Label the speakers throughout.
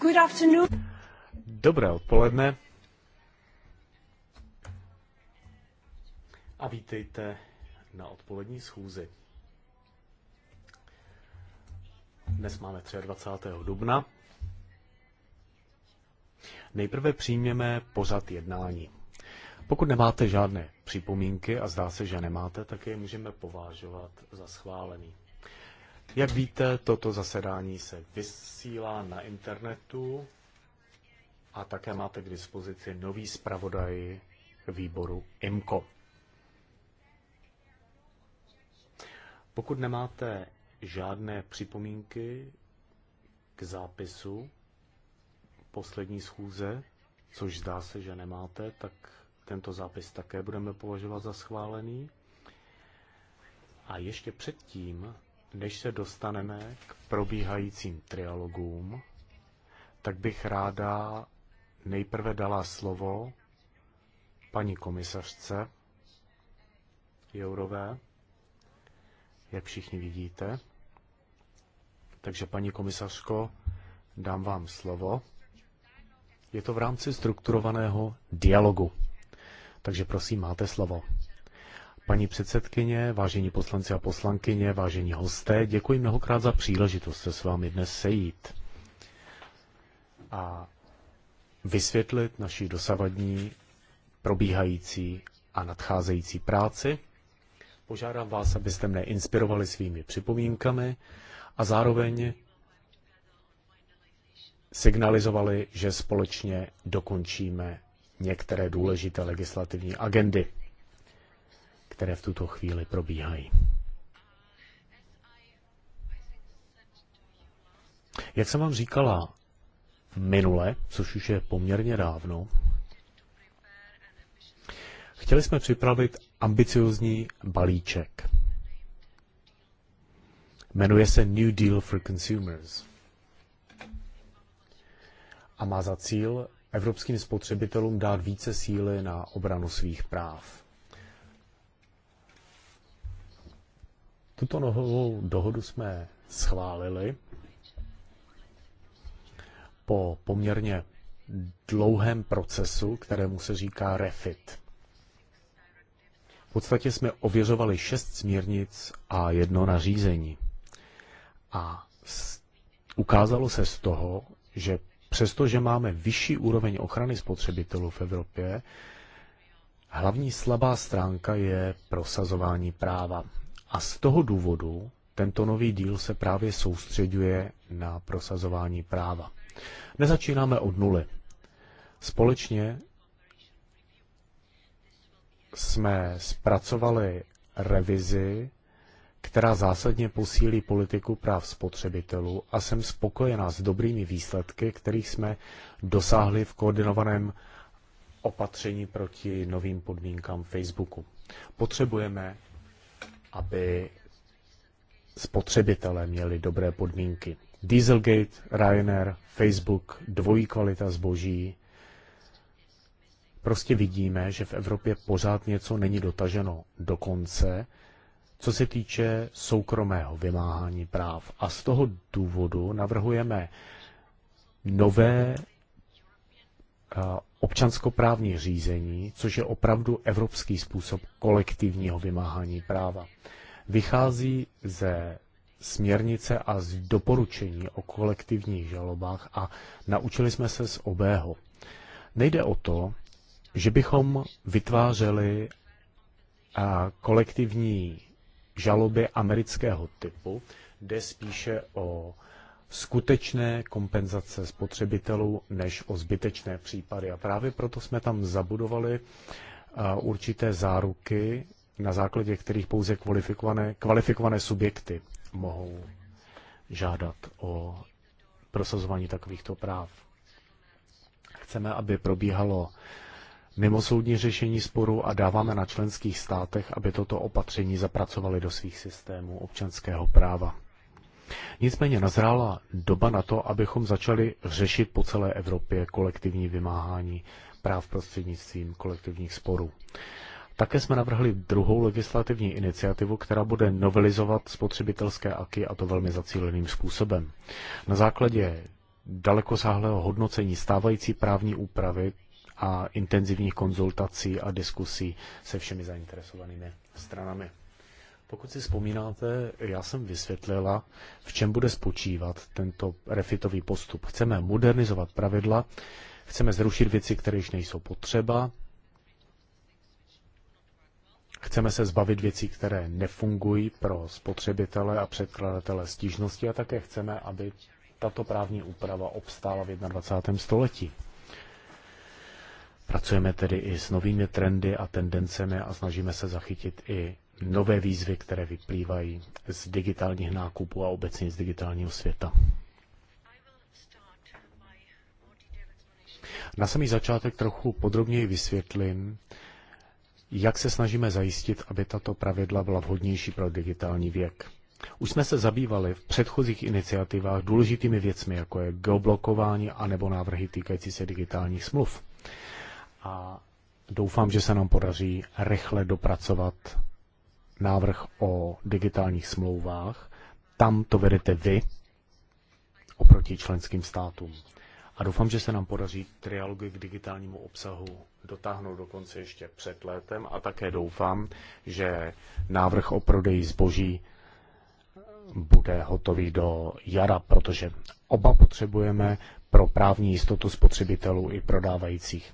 Speaker 1: Good afternoon.
Speaker 2: Dobré odpoledne. A vítejte na odpolední schůzi. Dnes máme 23. dubna. Nejprve přijměme pořad jednání. Pokud nemáte žádné připomínky a zdá se, že nemáte, tak je můžeme považovat za schválený. Jak víte, toto zasedání se vysílá na internetu a také máte k dispozici nový zpravodaj výboru IMCO. Pokud nemáte žádné připomínky k zápisu poslední schůze, což zdá se, že nemáte, tak tento zápis také budeme považovat za schválený. A ještě předtím než se dostaneme k probíhajícím trialogům, tak bych ráda nejprve dala slovo paní komisařce Jourové, jak všichni vidíte. Takže paní komisařko, dám vám slovo. Je to v rámci strukturovaného dialogu. Takže prosím, máte slovo. Paní předsedkyně, vážení poslanci a poslankyně, vážení hosté, děkuji mnohokrát za příležitost se s vámi dnes sejít a vysvětlit naši dosavadní probíhající a nadcházející práci. Požádám vás, abyste mne inspirovali svými připomínkami a zároveň signalizovali, že společně dokončíme některé důležité legislativní agendy které v tuto chvíli probíhají. Jak jsem vám říkala minule, což už je poměrně dávno, chtěli jsme připravit ambiciozní balíček. Jmenuje se New Deal for Consumers a má za cíl evropským spotřebitelům dát více síly na obranu svých práv. Tuto novou dohodu jsme schválili po poměrně dlouhém procesu, kterému se říká refit. V podstatě jsme ověřovali šest směrnic a jedno nařízení. A ukázalo se z toho, že přestože máme vyšší úroveň ochrany spotřebitelů v Evropě, hlavní slabá stránka je prosazování práva. A z toho důvodu tento nový díl se právě soustředuje na prosazování práva. Nezačínáme od nuly. Společně jsme zpracovali revizi, která zásadně posílí politiku práv spotřebitelů a jsem spokojená s dobrými výsledky, kterých jsme dosáhli v koordinovaném opatření proti novým podmínkám Facebooku. Potřebujeme aby spotřebitelé měli dobré podmínky. Dieselgate, Ryanair, Facebook, dvojí kvalita zboží. Prostě vidíme, že v Evropě pořád něco není dotaženo do konce, co se týče soukromého vymáhání práv. A z toho důvodu navrhujeme nové občanskoprávní řízení, což je opravdu evropský způsob kolektivního vymáhání práva. Vychází ze směrnice a z doporučení o kolektivních žalobách a naučili jsme se z obého. Nejde o to, že bychom vytvářeli kolektivní žaloby amerického typu, jde spíše o skutečné kompenzace spotřebitelů než o zbytečné případy. A právě proto jsme tam zabudovali eh, určité záruky, na základě kterých pouze kvalifikované, kvalifikované subjekty mohou žádat o prosazování takovýchto práv. Chceme, aby probíhalo mimosoudní řešení sporu a dáváme na členských státech, aby toto opatření zapracovali do svých systémů občanského práva. Nicméně nazrála doba na to, abychom začali řešit po celé Evropě kolektivní vymáhání práv prostřednictvím kolektivních sporů. Také jsme navrhli druhou legislativní iniciativu, která bude novelizovat spotřebitelské aky a to velmi zacíleným způsobem. Na základě dalekosáhlého hodnocení stávající právní úpravy a intenzivních konzultací a diskusí se všemi zainteresovanými stranami. Pokud si vzpomínáte, já jsem vysvětlila, v čem bude spočívat tento refitový postup. Chceme modernizovat pravidla, chceme zrušit věci, které již nejsou potřeba, chceme se zbavit věcí, které nefungují pro spotřebitele a předkladatele stížnosti a také chceme, aby tato právní úprava obstála v 21. století. Pracujeme tedy i s novými trendy a tendencemi a snažíme se zachytit i nové výzvy, které vyplývají z digitálních nákupů a obecně z digitálního světa. Na samý začátek trochu podrobněji vysvětlím, jak se snažíme zajistit, aby tato pravidla byla vhodnější pro digitální věk. Už jsme se zabývali v předchozích iniciativách důležitými věcmi, jako je geoblokování nebo návrhy týkající se digitálních smluv. A doufám, že se nám podaří rychle dopracovat návrh o digitálních smlouvách. Tam to vedete vy oproti členským státům. A doufám, že se nám podaří trialogy k digitálnímu obsahu dotáhnout do konce ještě před létem a také doufám, že návrh o prodeji zboží bude hotový do jara, protože oba potřebujeme pro právní jistotu spotřebitelů i prodávajících.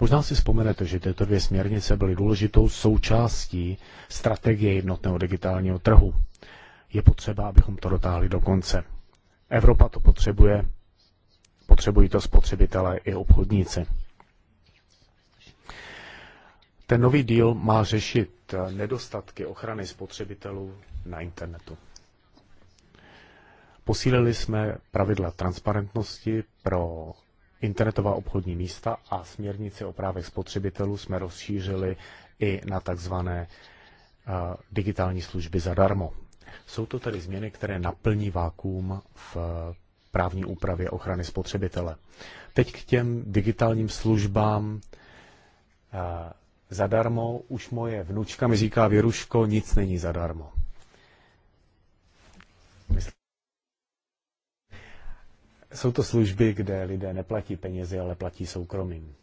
Speaker 2: Možná si vzpomenete, že tyto dvě směrnice byly důležitou součástí strategie jednotného digitálního trhu. Je potřeba, abychom to dotáhli do konce. Evropa to potřebuje, potřebují to spotřebitelé i obchodníci. Ten nový díl má řešit nedostatky ochrany spotřebitelů na internetu. Posílili jsme pravidla transparentnosti pro internetová obchodní místa a směrnici o právech spotřebitelů jsme rozšířili i na takzvané eh, digitální služby zadarmo. Jsou to tedy změny, které naplní vákuum v eh, právní úpravě ochrany spotřebitele. Teď k těm digitálním službám eh, zadarmo. Už moje vnučka mi říká, Věruško, nic není zadarmo. Jsou to služby, kde lidé neplatí penězi, ale platí soukromým.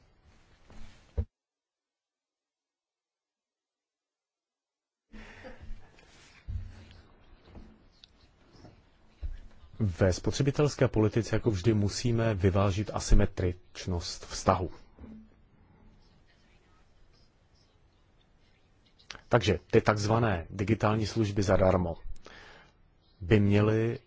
Speaker 2: Ve spotřebitelské politice jako vždy musíme vyvážit asymetričnost vztahu. Takže ty takzvané digitální služby zadarmo by měly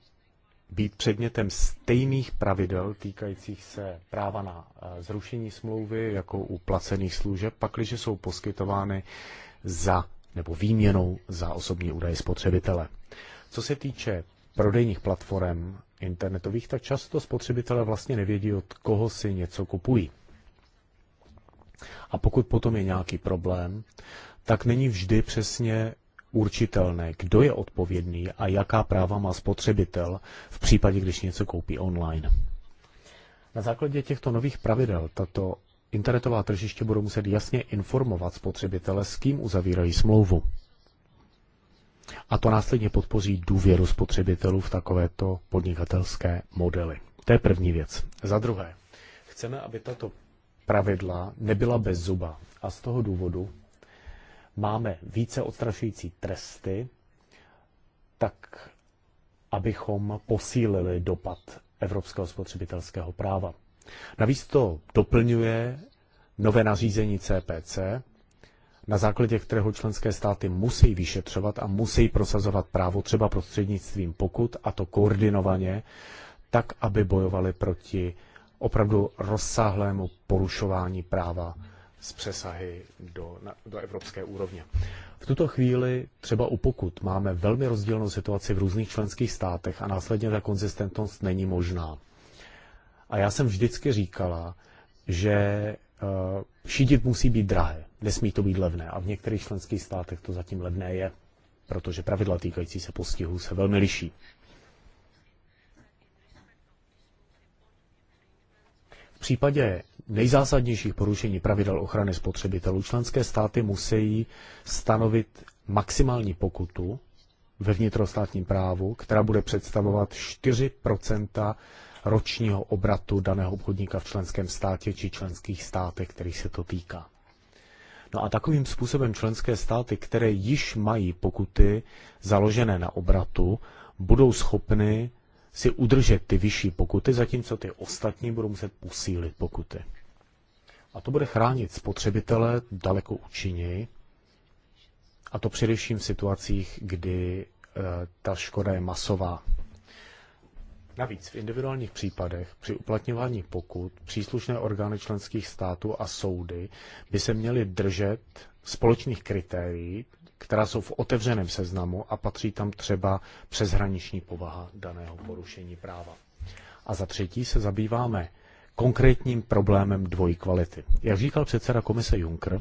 Speaker 2: být předmětem stejných pravidel týkajících se práva na eh, zrušení smlouvy jako u placených služeb, pakliže jsou poskytovány za nebo výměnou za osobní údaje spotřebitele. Co se týče prodejních platform internetových, tak často spotřebitele vlastně nevědí, od koho si něco kupují. A pokud potom je nějaký problém, tak není vždy přesně určitelné, kdo je odpovědný a jaká práva má spotřebitel v případě, když něco koupí online. Na základě těchto nových pravidel tato internetová tržiště budou muset jasně informovat spotřebitele, s kým uzavírají smlouvu. A to následně podpoří důvěru spotřebitelů v takovéto podnikatelské modely. To je první věc. Za druhé, chceme, aby tato pravidla nebyla bez zuba. A z toho důvodu máme více odstrašující tresty, tak abychom posílili dopad evropského spotřebitelského práva. Navíc to doplňuje nové nařízení CPC, na základě kterého členské státy musí vyšetřovat a musí prosazovat právo třeba prostřednictvím pokut, a to koordinovaně, tak, aby bojovali proti opravdu rozsáhlému porušování práva s přesahy do, na, do evropské úrovně. V tuto chvíli třeba u pokud máme velmi rozdílnou situaci v různých členských státech a následně ta konzistentnost není možná. A já jsem vždycky říkala, že uh, šídit musí být drahé, nesmí to být levné. A v některých členských státech to zatím levné je, protože pravidla týkající se postihů se velmi liší. V případě nejzásadnějších porušení pravidel ochrany spotřebitelů členské státy musí stanovit maximální pokutu ve vnitrostátním právu, která bude představovat 4 ročního obratu daného obchodníka v členském státě či členských státech, kterých se to týká. No a takovým způsobem členské státy, které již mají pokuty založené na obratu, budou schopny si udržet ty vyšší pokuty, zatímco ty ostatní budou muset posílit pokuty. A to bude chránit spotřebitele daleko účinněji, a to především v situacích, kdy eh, ta škoda je masová. Navíc v individuálních případech při uplatňování pokut příslušné orgány členských států a soudy by se měly držet společných kritérií která jsou v otevřeném seznamu a patří tam třeba přeshraniční povaha daného porušení práva. A za třetí se zabýváme konkrétním problémem dvojí kvality. Jak říkal předseda komise Juncker,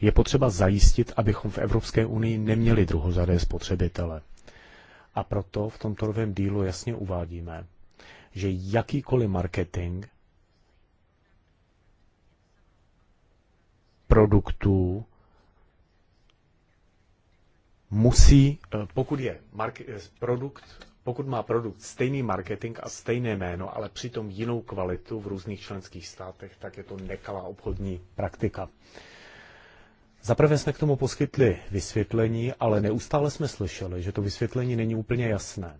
Speaker 2: je potřeba zajistit, abychom v Evropské unii neměli druhozadé spotřebitele. A proto v tomto novém dílu jasně uvádíme, že jakýkoliv marketing produktů musí, eh, pokud je eh, produkt, pokud má produkt stejný marketing a stejné jméno, ale přitom jinou kvalitu v různých členských státech, tak je to nekalá obchodní praktika. Zaprvé jsme k tomu poskytli vysvětlení, ale neustále jsme slyšeli, že to vysvětlení není úplně jasné.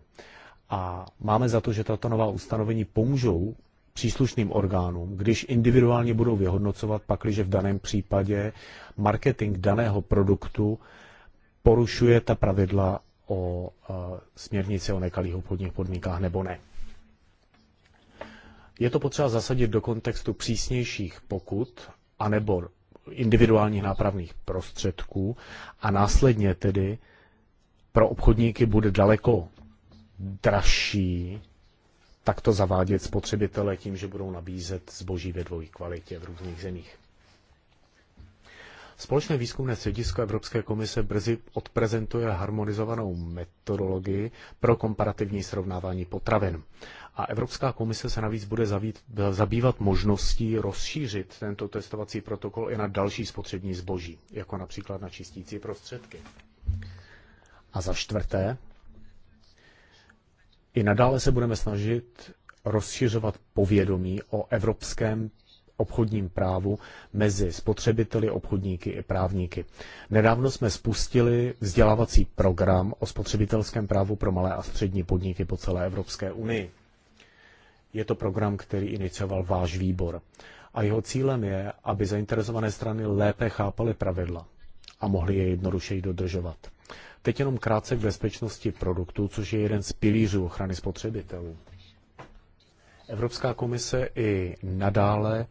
Speaker 2: A máme za to, že tato nová ustanovení pomůžou příslušným orgánům, když individuálně budou vyhodnocovat pakliže v daném případě marketing daného produktu porušuje ta pravidla o e, směrnici o nekalých obchodních podmínkách nebo ne. Je to potřeba zasadit do kontextu přísnějších pokut anebo individuálních nápravných prostředků a následně tedy pro obchodníky bude daleko dražší takto zavádět spotřebitele tím, že budou nabízet zboží ve dvojí kvalitě v různých zemích. Společné výzkumné středisko Evropské komise brzy odprezentuje harmonizovanou metodologii pro komparativní srovnávání potravin. A Evropská komise se navíc bude zabývat možností rozšířit tento testovací protokol i na další spotřební zboží, jako například na čistící prostředky. A za čtvrté, i nadále se budeme snažit rozšiřovat povědomí o evropském obchodním právu mezi spotřebiteli, obchodníky i právníky. Nedávno jsme spustili vzdělávací program o spotřebitelském právu pro malé a střední podniky po celé Evropské unii. Je to program, který inicioval váš výbor. A jeho cílem je, aby zainteresované strany lépe chápaly pravidla a mohly je jednodušeji dodržovat. Teď jenom krátce k bezpečnosti produktů, což je jeden z pilířů ochrany spotřebitelů. Evropská komise i nadále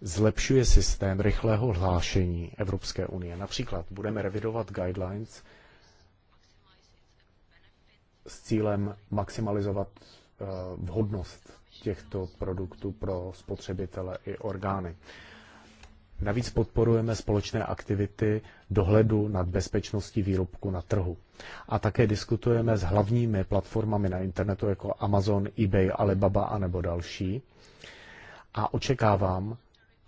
Speaker 2: zlepšuje systém rychlého hlášení Evropské unie. Například budeme revidovat guidelines s cílem maximalizovat eh, vhodnost těchto produktů pro spotřebitele i orgány. Navíc podporujeme společné aktivity dohledu nad bezpečností výrobku na trhu. A také diskutujeme s hlavními platformami na internetu jako Amazon, eBay, Alibaba a nebo další. A očekávám,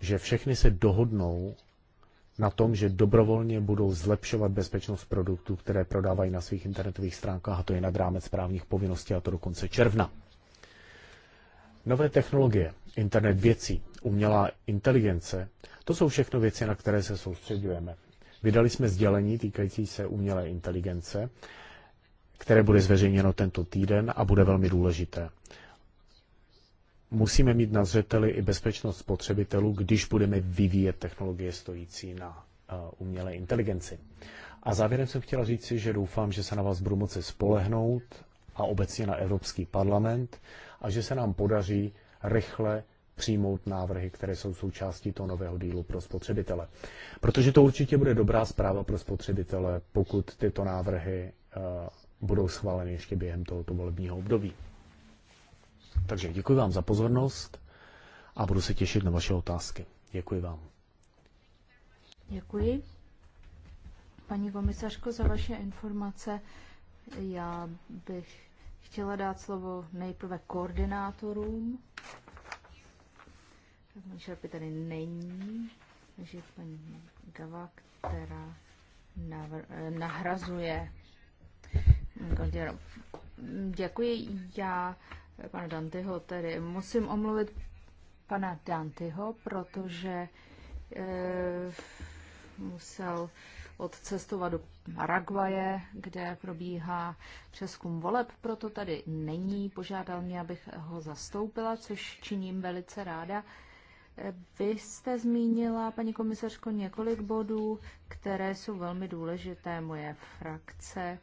Speaker 2: že všechny se dohodnou na tom, že dobrovolně budou zlepšovat bezpečnost produktů, které prodávají na svých internetových stránkách, a to je nad rámec právních povinností, a to do konce června. Nové technologie, internet věcí, umělá inteligence, to jsou všechno věci, na které se soustředujeme. Vydali jsme sdělení týkající se umělé inteligence, které bude zveřejněno tento týden a bude velmi důležité musíme mít na zřeteli i bezpečnost spotřebitelů, když budeme vyvíjet technologie stojící na eh, umělé inteligenci. A závěrem jsem chtěla říci, že doufám, že se na vás budu moci spolehnout a obecně na Evropský parlament a že se nám podaří rychle přijmout návrhy, které jsou součástí toho nového dílu pro spotřebitele. Protože to určitě bude dobrá zpráva pro spotřebitele, pokud tyto návrhy eh, budou schváleny ještě během tohoto volebního období. Takže děkuji vám za pozornost a budu se těšit na vaše otázky. Děkuji vám.
Speaker 1: Děkuji. Paní komisařko, za vaše informace. Já bych chtěla dát slovo nejprve koordinátorům. Paní Šarpy tady není, takže paní Gava, která navr- nahrazuje Děkuji. Já pana Dantyho tedy. Musím omluvit pana Dantyho, protože e, musel odcestovat do Paraguaje, kde probíhá přeskum voleb, proto tady není. Požádal mě, abych ho zastoupila, což činím velice ráda. Eh, vy jste zmínila, paní komisařko, několik bodů, které jsou velmi důležité. Moje frakce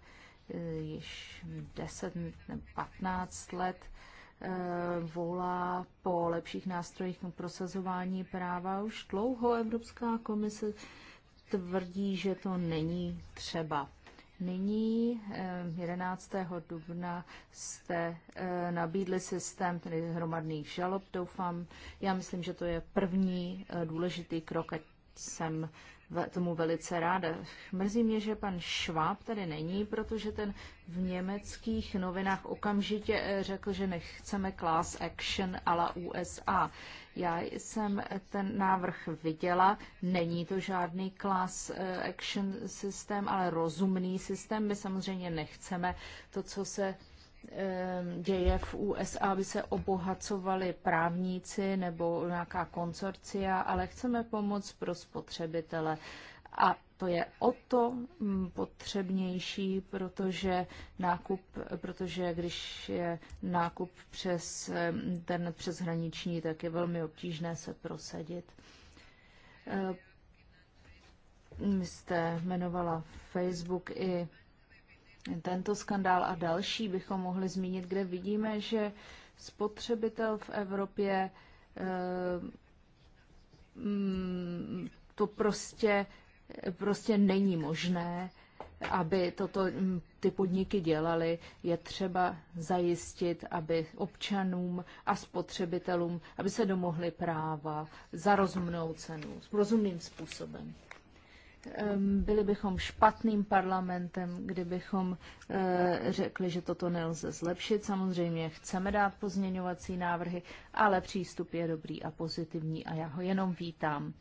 Speaker 1: již 10 nebo 15 let eh, volá po lepších nástrojích na prosazování práva. Už dlouho Evropská komise tvrdí, že to není třeba. Nyní 11. Eh, dubna jste eh, nabídli systém tedy hromadných žalob, doufám. Já myslím, že to je první důležitý krok, ať jsem tomu velice ráda. Mrzí mě, že pan Schwab tady není, protože ten v německých novinách okamžitě eh, řekl, že nechceme class action la USA. Já jsem ten návrh viděla, není to žádný class eh, action systém, ale rozumný systém. My samozřejmě nechceme to, co se Ehm, děje v USA, aby se obohacovali právníci nebo nějaká konsorcia, ale chceme pomoc pro spotřebitele. A to je o to mm, potřebnější, protože nákup, protože když je nákup přes internet ehm, přes tak je velmi obtížné se prosadit. Ehm, vy jste jmenovala Facebook i tento skandál a další bychom mohli zmínit, kde vidíme, že spotřebitel v Evropě eh, mm, to prostě, prostě není možné, aby toto mm, ty podniky dělaly, je třeba zajistit, aby občanům a spotřebitelům, aby se domohli práva za rozumnou cenu, s rozumným způsobem. Ehm, byli bychom špatným parlamentem, kdybychom eh, řekli, že toto nelze zlepšit. Samozřejmě chceme dát pozměňovací návrhy, ale přístup je dobrý a pozitivní a já ho jenom vítám.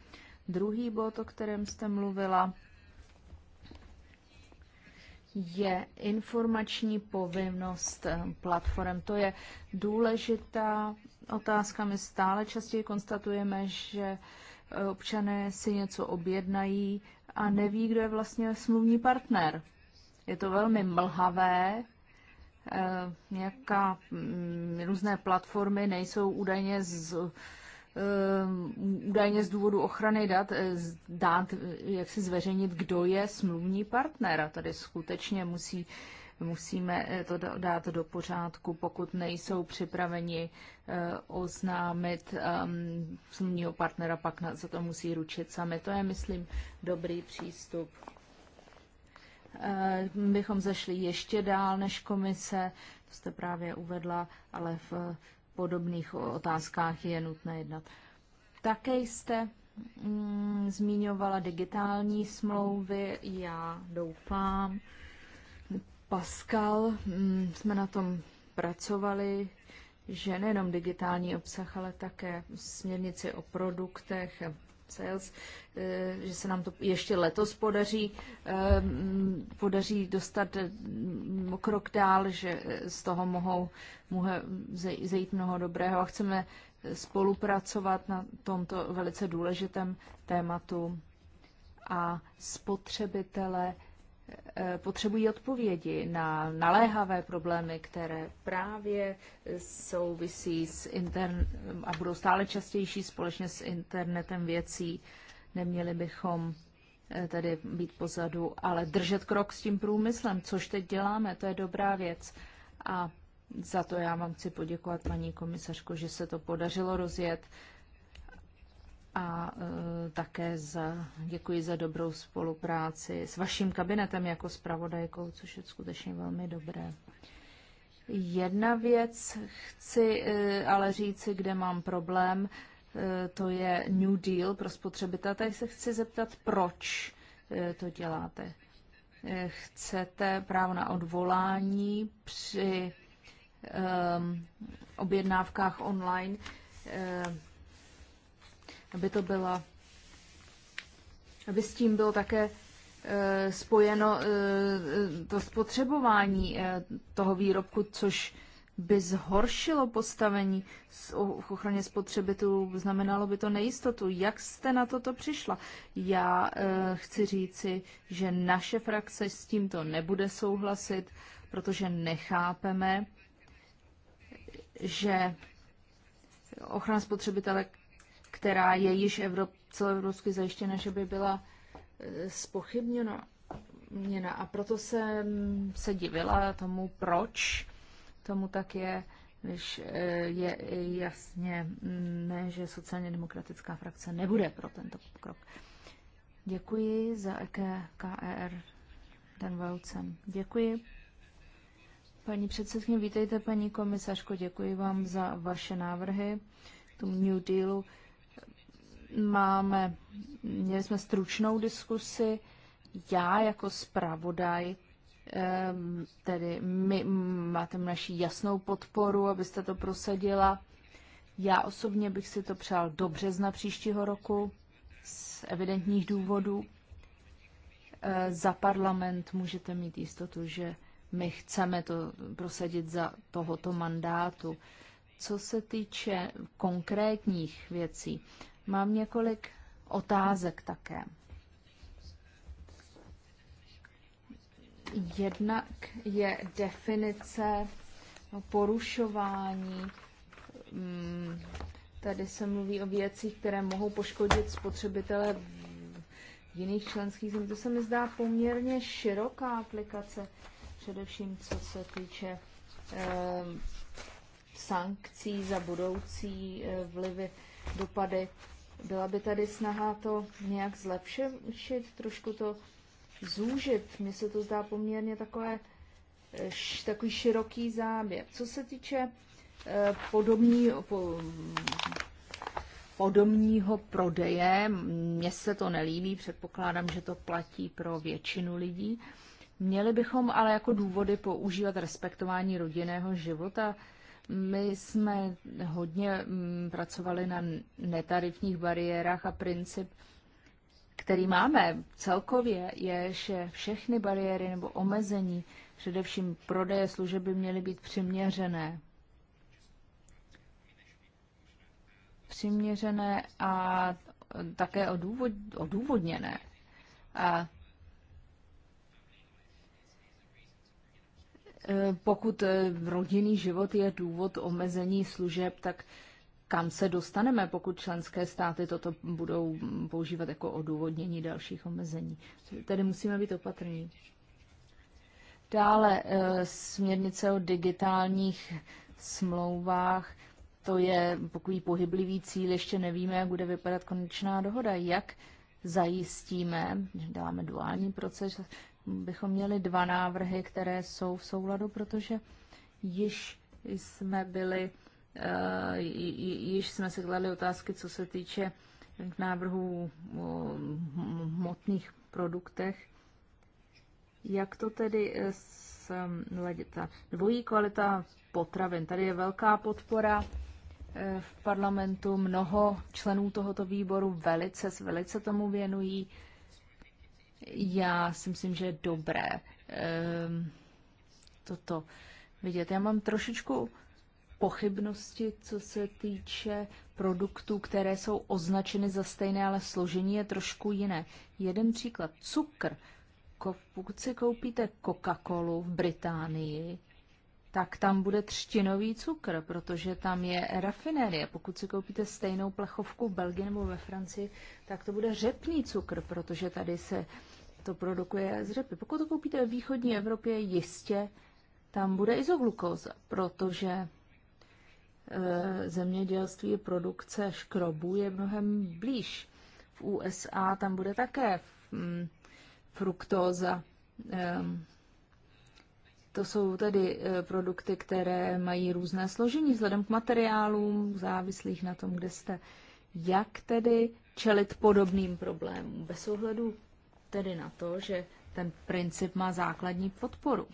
Speaker 1: Druhý bod, o kterém jste mluvila, je informační povinnost eh, platform. To je důležitá otázka. My stále častěji konstatujeme, že eh, občané si něco objednají a neví, kdo je vlastně smluvní partner. Je to velmi mlhavé, nějaká eh, mm, různé platformy nejsou údajně z, eh, údajně z důvodu ochrany dat, eh, dát, jak si zveřejnit, kdo je smluvní partner. A tady skutečně musí Musíme eh, to dát do pořádku, pokud nejsou připraveni eh, oznámit ehm, smluvního partnera, pak za to musí ručit sami. To je, myslím, dobrý přístup eh, bychom zašli ještě dál než komise, to jste právě uvedla, ale v podobných otázkách je nutné jednat. Také jste mm, zmiňovala digitální smlouvy. Já doufám, Pascal, mm, jsme na tom pracovali, že nejenom digitální obsah, ale také směrnici o produktech, sales, eh, že se nám to ještě letos podaří, eh, mm, podaří dostat eh, mm, krok dál, že z toho mohou, mohou zejít mnoho dobrého a chceme spolupracovat na tomto velice důležitém tématu a spotřebitele Eh, potřebují odpovědi na naléhavé problémy, které právě souvisí s intern- a budou stále častější společně s internetem věcí. Neměli bychom eh, tady být pozadu, ale držet krok s tím průmyslem, což teď děláme, to je dobrá věc. A za to já vám chci poděkovat, paní komisařko, že se to podařilo rozjet a e, také za, děkuji za dobrou spolupráci s vaším kabinetem jako zpravodajkou, což je skutečně velmi dobré. Jedna věc chci e, ale říci, kde mám problém, e, to je New Deal pro spotřebitele. Tady se chci zeptat, proč to děláte. Chcete právo na odvolání při um, objednávkách online aby to byla, aby s tím bylo také e, spojeno e, to spotřebování e, toho výrobku, což by zhoršilo postavení v ochraně spotřebitelů, znamenalo by to nejistotu. Jak jste na toto přišla? Já chci říci, že naše frakce s tímto nebude souhlasit, protože nechápeme, že ochrana spotřebitelek která je již Evrop, celoevropsky zajištěna, že by byla eh, spochybněna. A proto jsem se divila tomu, proč tomu tak je, když eh, je jasně mm, ne, že sociálně demokratická frakce nebude pro tento krok. Děkuji za KER ten velcem. Děkuji. Paní předsedkyně, vítejte, paní komisařko, děkuji vám za vaše návrhy k tomu New Dealu máme, měli jsme stručnou diskusi. Já jako zpravodaj, ehm, tedy my máte naši jasnou podporu, abyste to prosadila. Já osobně bych si to přál do března příštího roku z evidentních důvodů. Eh, za parlament můžete mít jistotu, že my chceme to prosadit za tohoto mandátu. Co se týče konkrétních věcí, Mám několik otázek také. Jednak je definice porušování. Mm, tady se mluví o věcích, které mohou poškodit spotřebitele v jiných členských zemích. To se mi zdá poměrně široká aplikace, především co se týče ehm, sankcí za budoucí eh, vlivy, dopady byla by tady snaha to nějak zlepšit, trošku to zúžit. Mně se to zdá poměrně takové, eh, takový široký záběr. Co se týče eh, podobní, po, podobního prodeje, mně se to nelíbí, předpokládám, že to platí pro většinu lidí. Měli bychom ale jako důvody používat respektování rodinného života, my jsme hodně mm, pracovali na netarifních bariérách a princip, který máme celkově, je, že všechny bariéry nebo omezení, především prodeje služeb, by měly být přiměřené. Přiměřené a také odůvodněné. A Pokud eh, rodinný život je důvod omezení služeb, tak kam se dostaneme, pokud členské státy toto budou používat jako odůvodnění dalších omezení. Tedy musíme být opatrní. Dále eh, směrnice o digitálních smlouvách. To je takový pohyblivý cíl, ještě nevíme, jak bude vypadat konečná dohoda. Jak zajistíme, že dáme duální proces, bychom měli dva návrhy, které jsou v souladu, protože již jsme byli, eh, již jsme se kladli otázky, co se týče k návrhu o hmotných produktech. Jak to tedy eh, s eh, ta dvojí kvalita potravin? Tady je velká podpora v parlamentu, mnoho členů tohoto výboru velice, velice tomu věnují já si myslím, že je dobré ehm, toto vidět. Já mám trošičku pochybnosti, co se týče produktů, které jsou označeny za stejné, ale složení je trošku jiné. Jeden příklad, cukr. Pokud si koupíte Coca-Colu v Británii, tak tam bude třtinový cukr, protože tam je rafinérie. Pokud si koupíte stejnou plechovku v Belgii nebo ve Francii, tak to bude řepný cukr, protože tady se to produkuje z řepy. Pokud to koupíte v východní Evropě, jistě tam bude izoglukóza, protože e, zemědělství produkce škrobů je mnohem blíž. V USA tam bude také mm, fruktóza. E, to jsou tedy e, produkty, které mají různé složení vzhledem k materiálům, závislých na tom, kde jste. Jak tedy čelit podobným problémům bez ohledu tedy na to, že ten princip má základní podporu?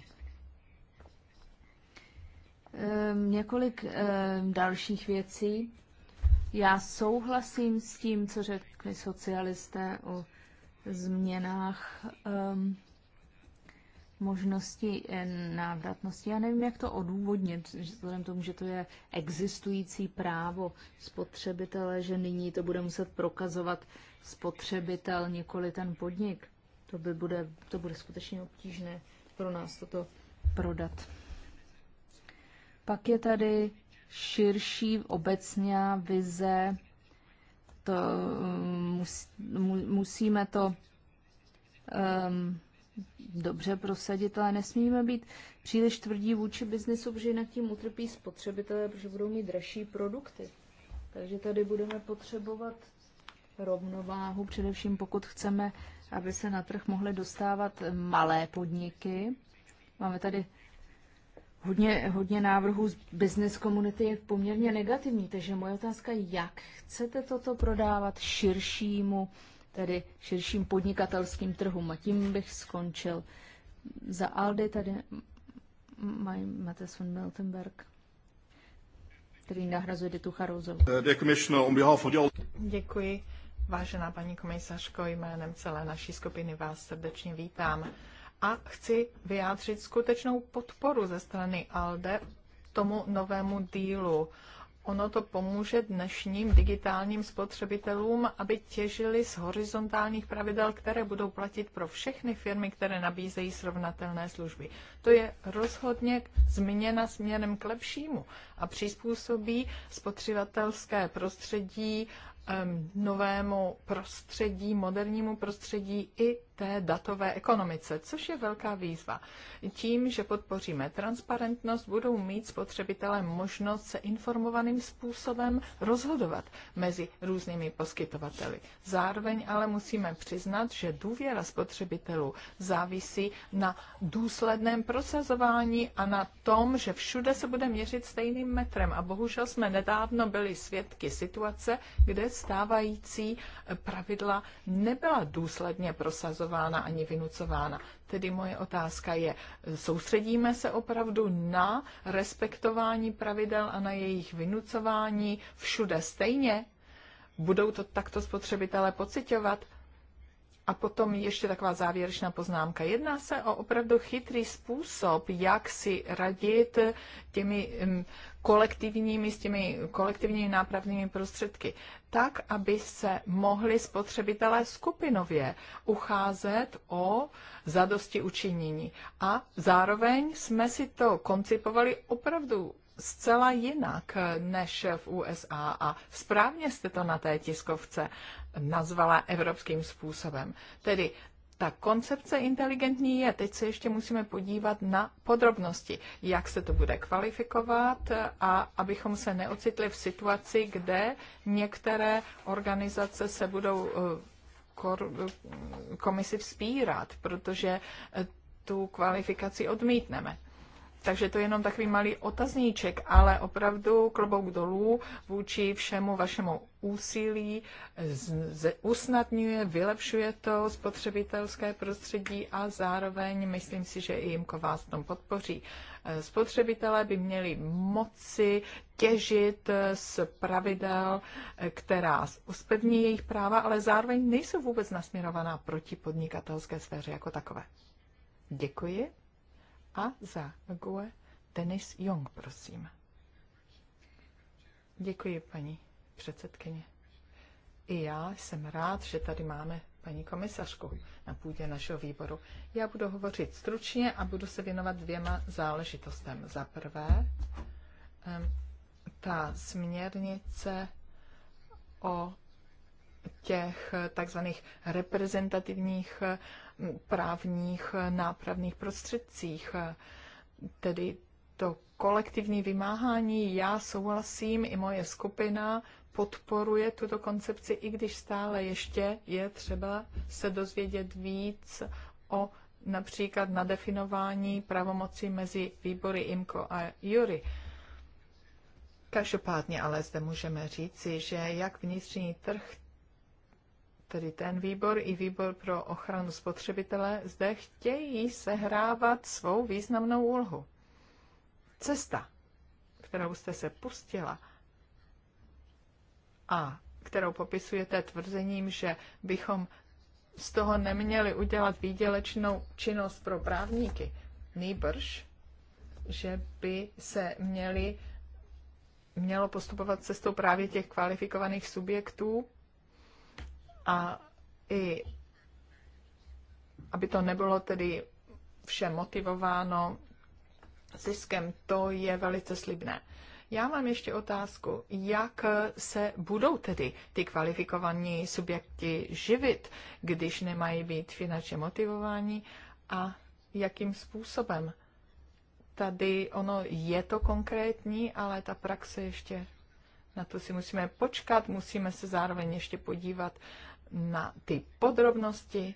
Speaker 1: Ehm, několik ehm, dalších věcí. Já souhlasím s tím, co řekli socialisté o změnách ehm, možnosti eh, návratnosti. Já nevím, jak to odůvodnit, vzhledem tomu, že to je existující právo spotřebitele, že nyní to bude muset prokazovat spotřebitel, nikoli ten podnik. To, by bude, to bude skutečně obtížné pro nás toto prodat. Pak je tady širší obecná vize. To, eh, musíme to um, dobře prosadit, ale nesmíme být příliš tvrdí vůči biznesu, protože jinak tím utrpí spotřebitelé, protože budou mít dražší produkty. Takže tady budeme potřebovat rovnováhu, především pokud chceme, aby se na trh mohly dostávat malé podniky. Máme tady hodně, hodně návrhů z business komunity je poměrně negativní, takže moje otázka, jak chcete toto prodávat širšímu tedy širším podnikatelským trhům. A tím bych skončil. Za Aldy tady mají Matthias von Miltenberg,
Speaker 3: který nahrazuje Ditu Charouzov. Děkuji. Vážená paní komisařko, jménem celé naší skupiny vás srdečně vítám a chci vyjádřit skutečnou podporu ze strany ALDE tomu novému dílu ono to pomůže dnešním digitálním spotřebitelům, aby těžili z horizontálních pravidel, které budou platit pro všechny firmy, které nabízejí srovnatelné služby. To je rozhodně změna směrem k lepšímu a přizpůsobí spotřebitelské prostředí novému prostředí, modernímu prostředí i té datové ekonomice, což je velká výzva. Tím, že podpoříme transparentnost, budou mít spotřebitelé možnost se informovaným způsobem rozhodovat mezi různými poskytovateli. Zároveň ale musíme přiznat, že důvěra spotřebitelů závisí na důsledném prosazování a na tom, že všude se bude měřit stejným metrem. A bohužel jsme nedávno byli svědky situace, kde stávající pravidla nebyla důsledně prosazována nakazována ani vynucována. Tedy moje otázka je, soustředíme se opravdu na respektování pravidel a na jejich vynucování všude stejně? Budou to takto spotřebitelé pocitovat? A potom ještě taková závěrečná poznámka. Jedná se o opravdu chytrý způsob, jak si radit těmi kolektivními, s těmi kolektivními nápravnými prostředky, tak, aby se mohli spotřebitelé skupinově ucházet o zadosti učinění. A zároveň jsme si to koncipovali opravdu zcela jinak než v USA. A správně jste to na té tiskovce nazvala evropským způsobem. Tedy ta koncepce inteligentní je. Teď se ještě musíme podívat na podrobnosti, jak se to bude kvalifikovat a abychom se neocitli v situaci, kde některé organizace se budou eh, eh, komisi vzpírat, protože eh, tu kvalifikaci odmítneme. Takže to je jenom takový malý otazníček, ale opravdu klobouk dolů vůči všemu vašemu úsilí, z, usnadňuje, vylepšuje to spotřebitelské prostředí a zároveň myslím si, že i Jimko vás v tom podpoří. Eh, spotřebitelé by měli moci těžit eh, z pravidel, eh, která uspevní jejich práva, ale zároveň nejsou vůbec nasměrovaná proti podnikatelské sféře jako takové. Děkuji. A za GUE Denis Jong, prosím. Děkuji, paní předsedkyně. I já jsem rád, že tady máme paní komisařku na půdě našeho výboru. Já budu hovořit stručně a budu se věnovat dvěma záležitostem. Za prvé, ta směrnice o těch takzvaných reprezentativních právních nápravných prostředcích, tedy to kolektivní vymáhání. Já souhlasím, i moje skupina podporuje tuto koncepci, i když stále ještě je třeba se dozvědět víc o například nadefinování pravomocí mezi výbory IMCO a JURY. Každopádně ale zde můžeme říci, že jak vnitřní trh, tedy ten výbor i výbor pro ochranu spotřebitele, zde chtějí sehrávat svou významnou úlohu. Cesta, kterou jste se pustila a kterou popisujete tvrzením, že bychom z toho neměli udělat výdělečnou činnost pro právníky, nýbrž, že by se měli, mělo postupovat cestou právě těch kvalifikovaných subjektů, a i aby to nebylo tedy vše motivováno ziskem, to je velice slibné. Já mám ještě otázku, jak se budou tedy ty kvalifikovaní subjekti živit, když nemají být finančně motivováni a jakým způsobem. Tady ono je to konkrétní, ale ta praxe ještě, na to si musíme počkat, musíme se zároveň ještě podívat na ty podrobnosti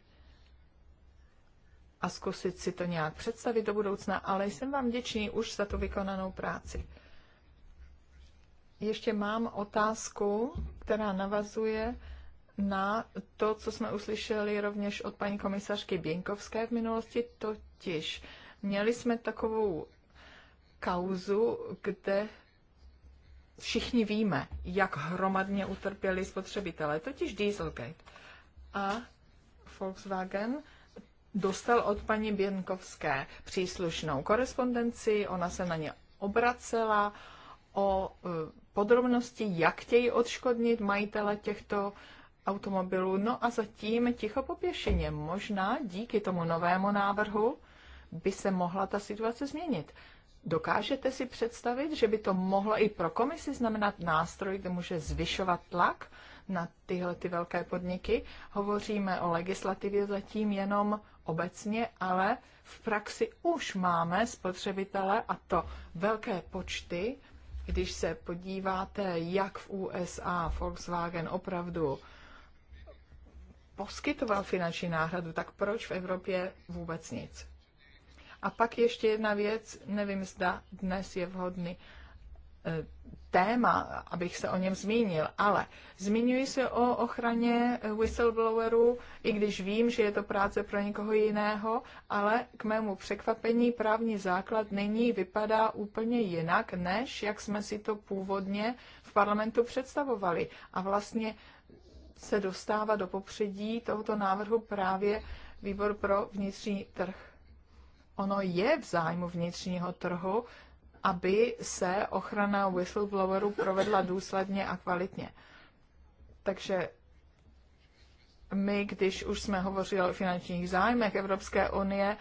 Speaker 3: a zkusit si to nějak představit do budoucna, ale jsem vám děčný už za tu vykonanou práci. Ještě mám otázku, která navazuje na to, co jsme uslyšeli rovněž od paní komisařky Běnkovské v minulosti, totiž měli jsme takovou kauzu, kde všichni víme, jak hromadně utrpěli spotřebitelé, totiž Dieselgate. A Volkswagen dostal od paní Běnkovské příslušnou korespondenci, ona se na ně obracela o e, podrobnosti, jak chtějí odškodnit majitele těchto automobilů. No a zatím ticho po pěšině. Možná díky tomu novému návrhu by se mohla ta situace změnit. Dokážete si představit, že by to mohlo i pro komisi znamenat nástroj, kde může zvyšovat tlak na tyhle ty velké podniky? Hovoříme o legislativě zatím jenom obecně, ale v praxi už máme spotřebitele a to velké počty. Když se podíváte, jak v USA Volkswagen opravdu poskytoval finanční náhradu, tak proč v Evropě vůbec nic? A pak ještě jedna věc, nevím, zda dnes je vhodný e, téma, abych se o něm zmínil, ale zmiňuji se o ochraně whistleblowerů, i když vím, že je to práce pro někoho jiného, ale k mému překvapení právní základ nyní vypadá úplně jinak, než jak jsme si to původně v parlamentu představovali. A vlastně se dostává do popředí tohoto návrhu právě výbor pro vnitřní trh ono je v zájmu vnitřního trhu, aby se ochrana whistleblowerů provedla důsledně a kvalitně. Takže my, když už jsme hovořili o finančních zájmech Evropské unie,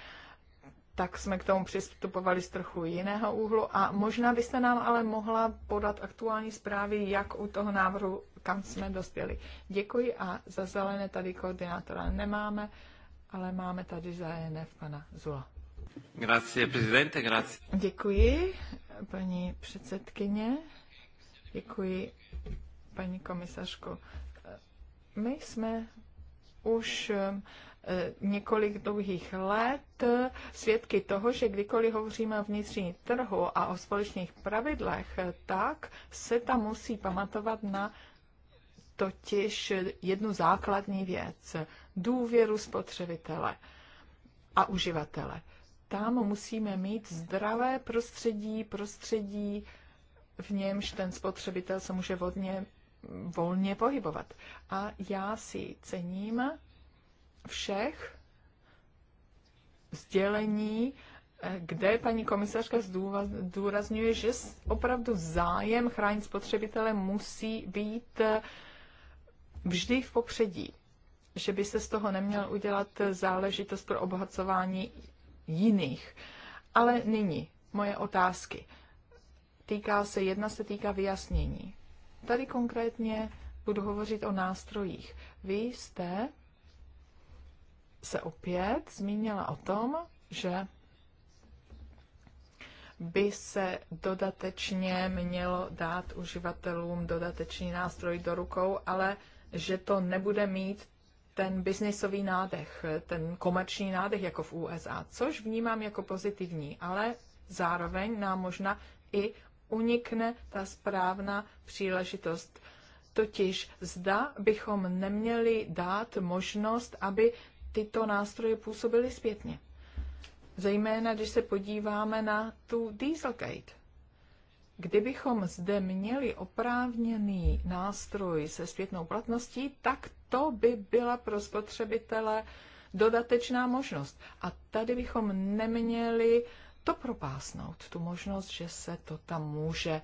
Speaker 3: tak jsme k tomu přistupovali z trochu jiného úhlu. A možná byste nám ale mohla podat aktuální zprávy, jak u toho návrhu, kam jsme dospěli. Děkuji a za zelené tady koordinátora nemáme, ale máme tady za ENF pana Zula. Děkuji, paní předsedkyně. Děkuji, paní komisařko. My jsme už eh, několik dlouhých let svědky toho, že kdykoliv hovoříme o vnitřní trhu a o společných pravidlech, tak se tam musí pamatovat na totiž jednu základní věc, důvěru spotřebitele a uživatele tam musíme mít zdravé prostředí, prostředí, v němž ten spotřebitel se může vodně, volně pohybovat. A já si cením všech sdělení, kde paní komisařka zdůrazňuje, že opravdu zájem chránit spotřebitele musí být eh, vždy v popředí že by se z toho neměl udělat eh, záležitost pro obohacování jiných. Ale nyní moje otázky. Týká se, jedna se týká vyjasnění. Tady konkrétně budu hovořit o nástrojích. Vy jste se opět zmínila o tom, že by se dodatečně mělo dát uživatelům dodatečný nástroj do rukou, ale že to nebude mít ten biznisový nádech, ten komerční nádech jako v USA, což vnímám jako pozitivní, ale zároveň nám možná i unikne ta správná příležitost. Totiž zda bychom neměli dát možnost, aby tyto nástroje působily zpětně. Zejména, když se podíváme na tu Dieselgate Kdybychom zde měli oprávněný nástroj se zpětnou platností, tak to by byla pro spotřebitele dodatečná možnost. A tady bychom neměli to propásnout, tu možnost, že se to tam může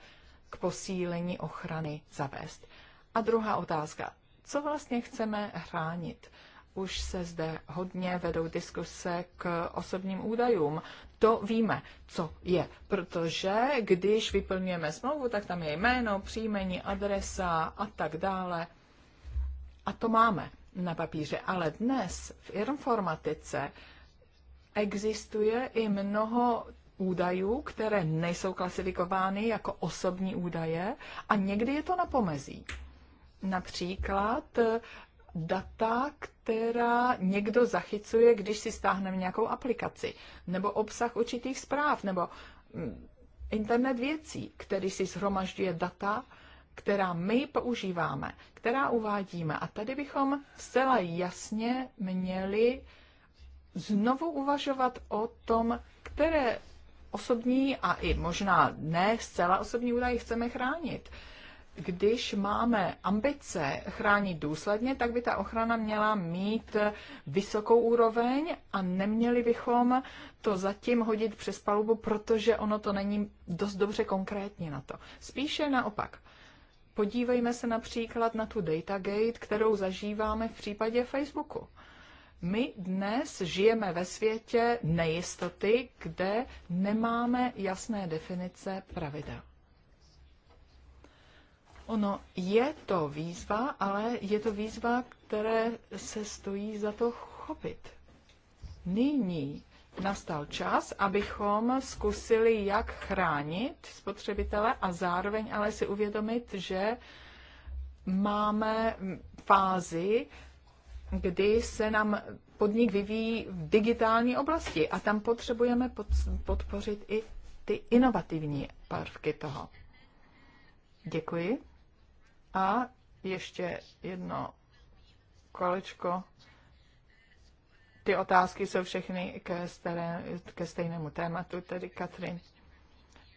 Speaker 3: k posílení ochrany zavést. A druhá otázka. Co vlastně chceme hránit? Už se zde hodně vedou diskuse k osobním údajům to víme, co je. Protože když vyplňujeme smlouvu, tak tam je jméno, příjmení, adresa a tak dále. A to máme na papíře. Ale dnes v informatice existuje i mnoho údajů, které nejsou klasifikovány jako osobní údaje a někdy je to na pomezí. Například data, která někdo zachycuje, když si stáhneme nějakou aplikaci, nebo obsah určitých zpráv, nebo mm, internet věcí, který si zhromažďuje data, která my používáme, která uvádíme. A tady bychom zcela jasně měli znovu uvažovat o tom, které osobní a i možná ne zcela osobní údaje chceme chránit když máme ambice chránit důsledně, tak by ta ochrana měla mít vysokou úroveň a neměli bychom to zatím hodit přes palubu, protože ono to není dost dobře konkrétně na to. Spíše naopak. Podívejme se například na tu datagate, kterou zažíváme v případě Facebooku. My dnes žijeme ve světě nejistoty, kde nemáme jasné definice pravidel. Ono je to výzva, ale je to výzva, které se stojí za to chopit. Nyní nastal čas, abychom zkusili, jak chránit spotřebitele a zároveň ale si uvědomit, že máme fázi, kdy se nám podnik vyvíjí v digitální oblasti a tam potřebujeme podpořit i ty inovativní prvky toho. Děkuji. A ještě jedno kolečko. Ty otázky jsou všechny ke, staré, ke stejnému tématu, tedy Katrin.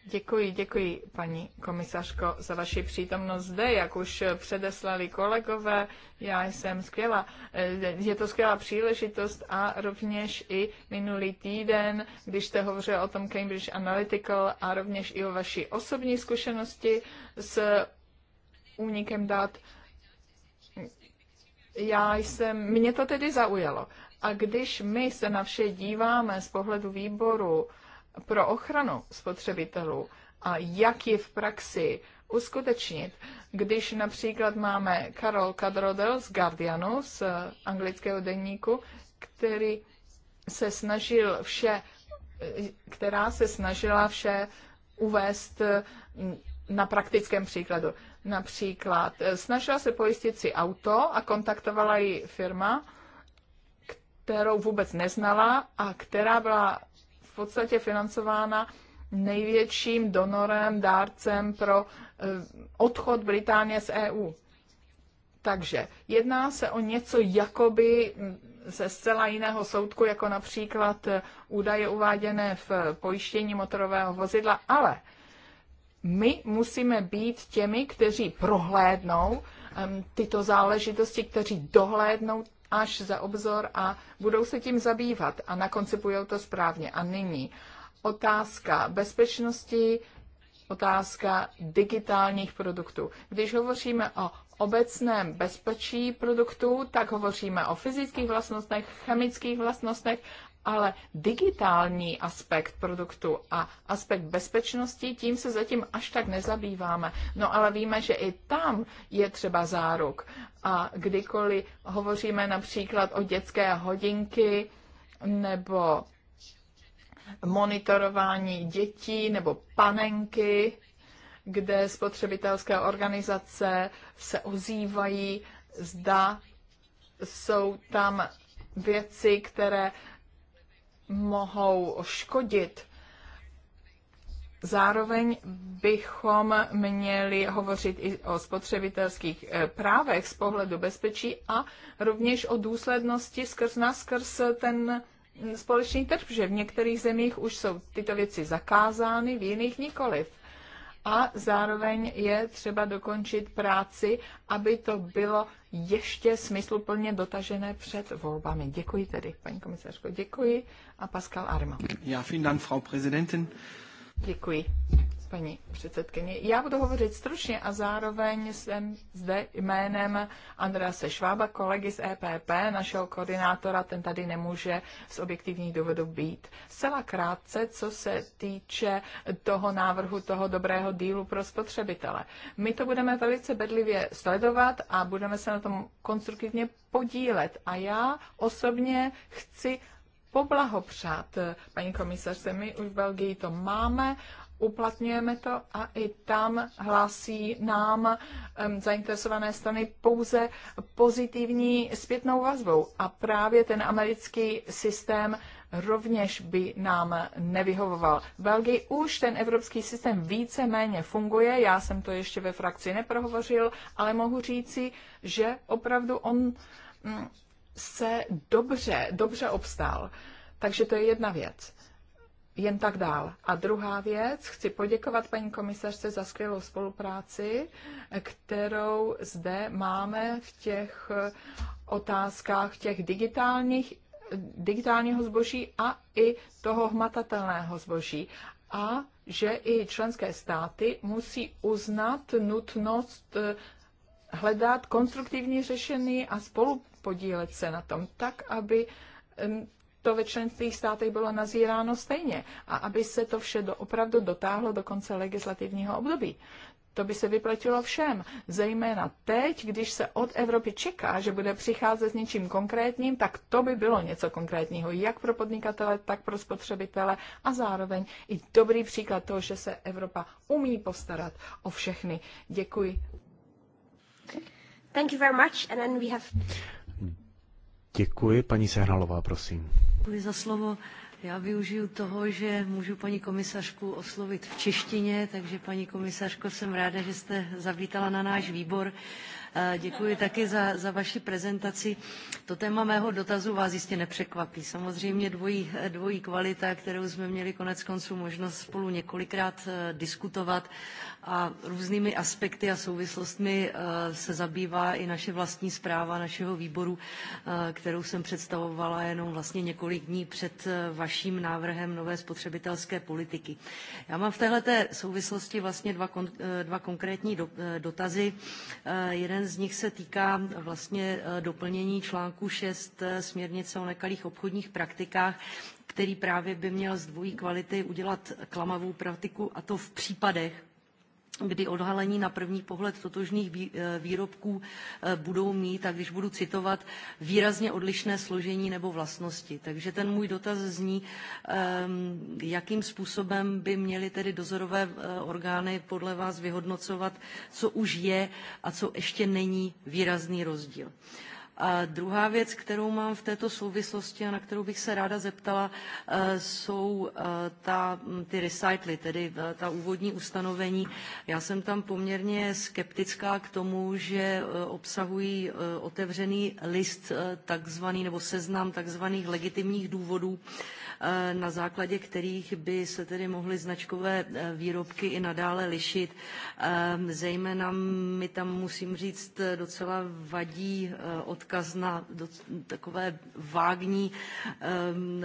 Speaker 3: Děkuji, děkuji, paní komisařko, za vaši přítomnost zde, jak už předeslali kolegové. Já jsem skvělá. Je to skvělá příležitost a rovněž i minulý týden, když jste hovořil o tom Cambridge Analytical a rovněž i o vaší osobní zkušenosti s únikem dat. Já jsem, mě to tedy zaujalo. A když my se na vše díváme z pohledu výboru pro ochranu spotřebitelů a jak je v praxi uskutečnit, když například máme Karol Kadrodel z Guardianu, z anglického denníku, který se snažil vše, která se snažila vše uvést na praktickém příkladu. Například eh, snažila se pojistit si auto a kontaktovala ji firma, kterou vůbec neznala a která byla v podstatě financována největším donorem, dárcem pro eh, odchod Británie z EU. Takže jedná se o něco jakoby mm, ze zcela jiného soudku, jako například eh, údaje uváděné v pojištění motorového vozidla, ale my musíme být těmi, kteří prohlédnou tyto záležitosti, kteří dohlédnou až za obzor a budou se tím zabývat a nakoncipují to správně. A nyní otázka bezpečnosti, otázka digitálních produktů. Když hovoříme o obecném bezpečí produktů, tak hovoříme o fyzických vlastnostech, chemických vlastnostech, ale digitální aspekt produktu a aspekt bezpečnosti, tím se zatím až tak nezabýváme. No ale víme, že i tam je třeba záruk. A kdykoliv hovoříme například o dětské hodinky nebo monitorování dětí nebo panenky, kde spotřebitelské organizace se ozývají, zda jsou tam věci, které mohou škodit. Zároveň bychom měli hovořit i o spotřebitelských eh, právech z pohledu bezpečí a rovněž o důslednosti skrz naskrz ten společný trh, že v některých zemích už jsou tyto věci zakázány, v jiných nikoliv a zároveň je třeba dokončit práci, aby to bylo ještě smysluplně dotažené před volbami. Děkuji tedy, paní komisařko. Děkuji a Pascal Arma. Já, vielen Dank, Frau Präsidentin. Děkuji paní předsedkyně. Já budu hovořit stručně a zároveň jsem zde jménem Andrase Švába, kolegy z EPP, našeho koordinátora, ten tady nemůže z objektivních důvodů být. Zcela krátce, co se týče toho návrhu, toho dobrého dílu pro spotřebitele. My to budeme velice bedlivě sledovat a budeme se na tom konstruktivně podílet. A já osobně chci poblahopřát. Paní komisařce, my už v Belgii to máme, uplatňujeme to a i tam hlásí nám um, zainteresované strany pouze pozitivní zpětnou vazbou. A právě ten americký systém rovněž by nám nevyhovoval. V Belgii už ten evropský systém více-méně funguje, já jsem to ještě ve frakci neprohovořil, ale mohu říci, že opravdu on mm, se dobře, dobře obstál. Takže to je jedna věc jen tak dál. A druhá věc, chci poděkovat paní komisařce za skvělou spolupráci, kterou zde máme v těch otázkách těch digitálních, digitálního zboží a i toho hmatatelného zboží. A že i členské státy musí uznat nutnost eh, hledat konstruktivní řešení a spolupodílet se na tom tak, aby to ve členských státech bylo nazíráno stejně a aby se to vše do, opravdu dotáhlo do konce legislativního období. To by se vyplatilo všem, zejména teď, když se od Evropy čeká, že bude přicházet s něčím konkrétním, tak to by bylo něco konkrétního, jak pro podnikatele, tak pro spotřebitele a zároveň i dobrý příklad toho, že se Evropa umí postarat o všechny. Děkuji. Thank you very much. And then we have...
Speaker 2: Děkuji, paní Sehnalová, prosím.
Speaker 3: Děkuji za slovo. Já využiju
Speaker 4: toho, že můžu paní komisařku oslovit v češtině, takže paní komisařko, jsem ráda, že jste zavítala na náš výbor. Děkuji taky za, za vaši prezentaci. To téma mého dotazu vás jistě nepřekvapí. Samozřejmě dvojí, dvojí kvalita, kterou jsme měli konec konců možnost spolu několikrát eh, diskutovat a různými aspekty a souvislostmi eh, se zabývá i naše vlastní zpráva našeho výboru, eh, kterou jsem představovala jenom vlastně několik dní před eh, vaším návrhem nové spotřebitelské politiky. Já mám v této souvislosti vlastně dva, kon, dva konkrétní do, dotazy. Jeden z nich se týká vlastně doplnění článku 6 směrnice o nekalých obchodních praktikách, který právě by měl z dvojí kvality udělat klamavou praktiku, a to v případech, kdy odhalení na první pohled totožných eh, výrobků eh, budou mít, a když budu citovat, výrazně odlišné složení nebo vlastnosti. Takže ten můj dotaz zní, ehm, jakým způsobem by měly tedy dozorové eh, orgány podle vás vyhodnocovat, co už je a co ještě není výrazný rozdíl. A druhá věc, kterou mám v této souvislosti a na kterou bych se ráda zeptala, eh, jsou eh, ta, hm, ty recycly, tedy eh, ta úvodní ustanovení. Já jsem tam poměrně skeptická k tomu, že obsahují otevřený list takzvaný nebo seznam takzvaných legitimních důvodů, Eh, na základě kterých by se tedy mohly značkové eh, výrobky i nadále lišit. Ehm, zejména mi tam musím říct docela vadí eh, odkaz na takové vágní ehm,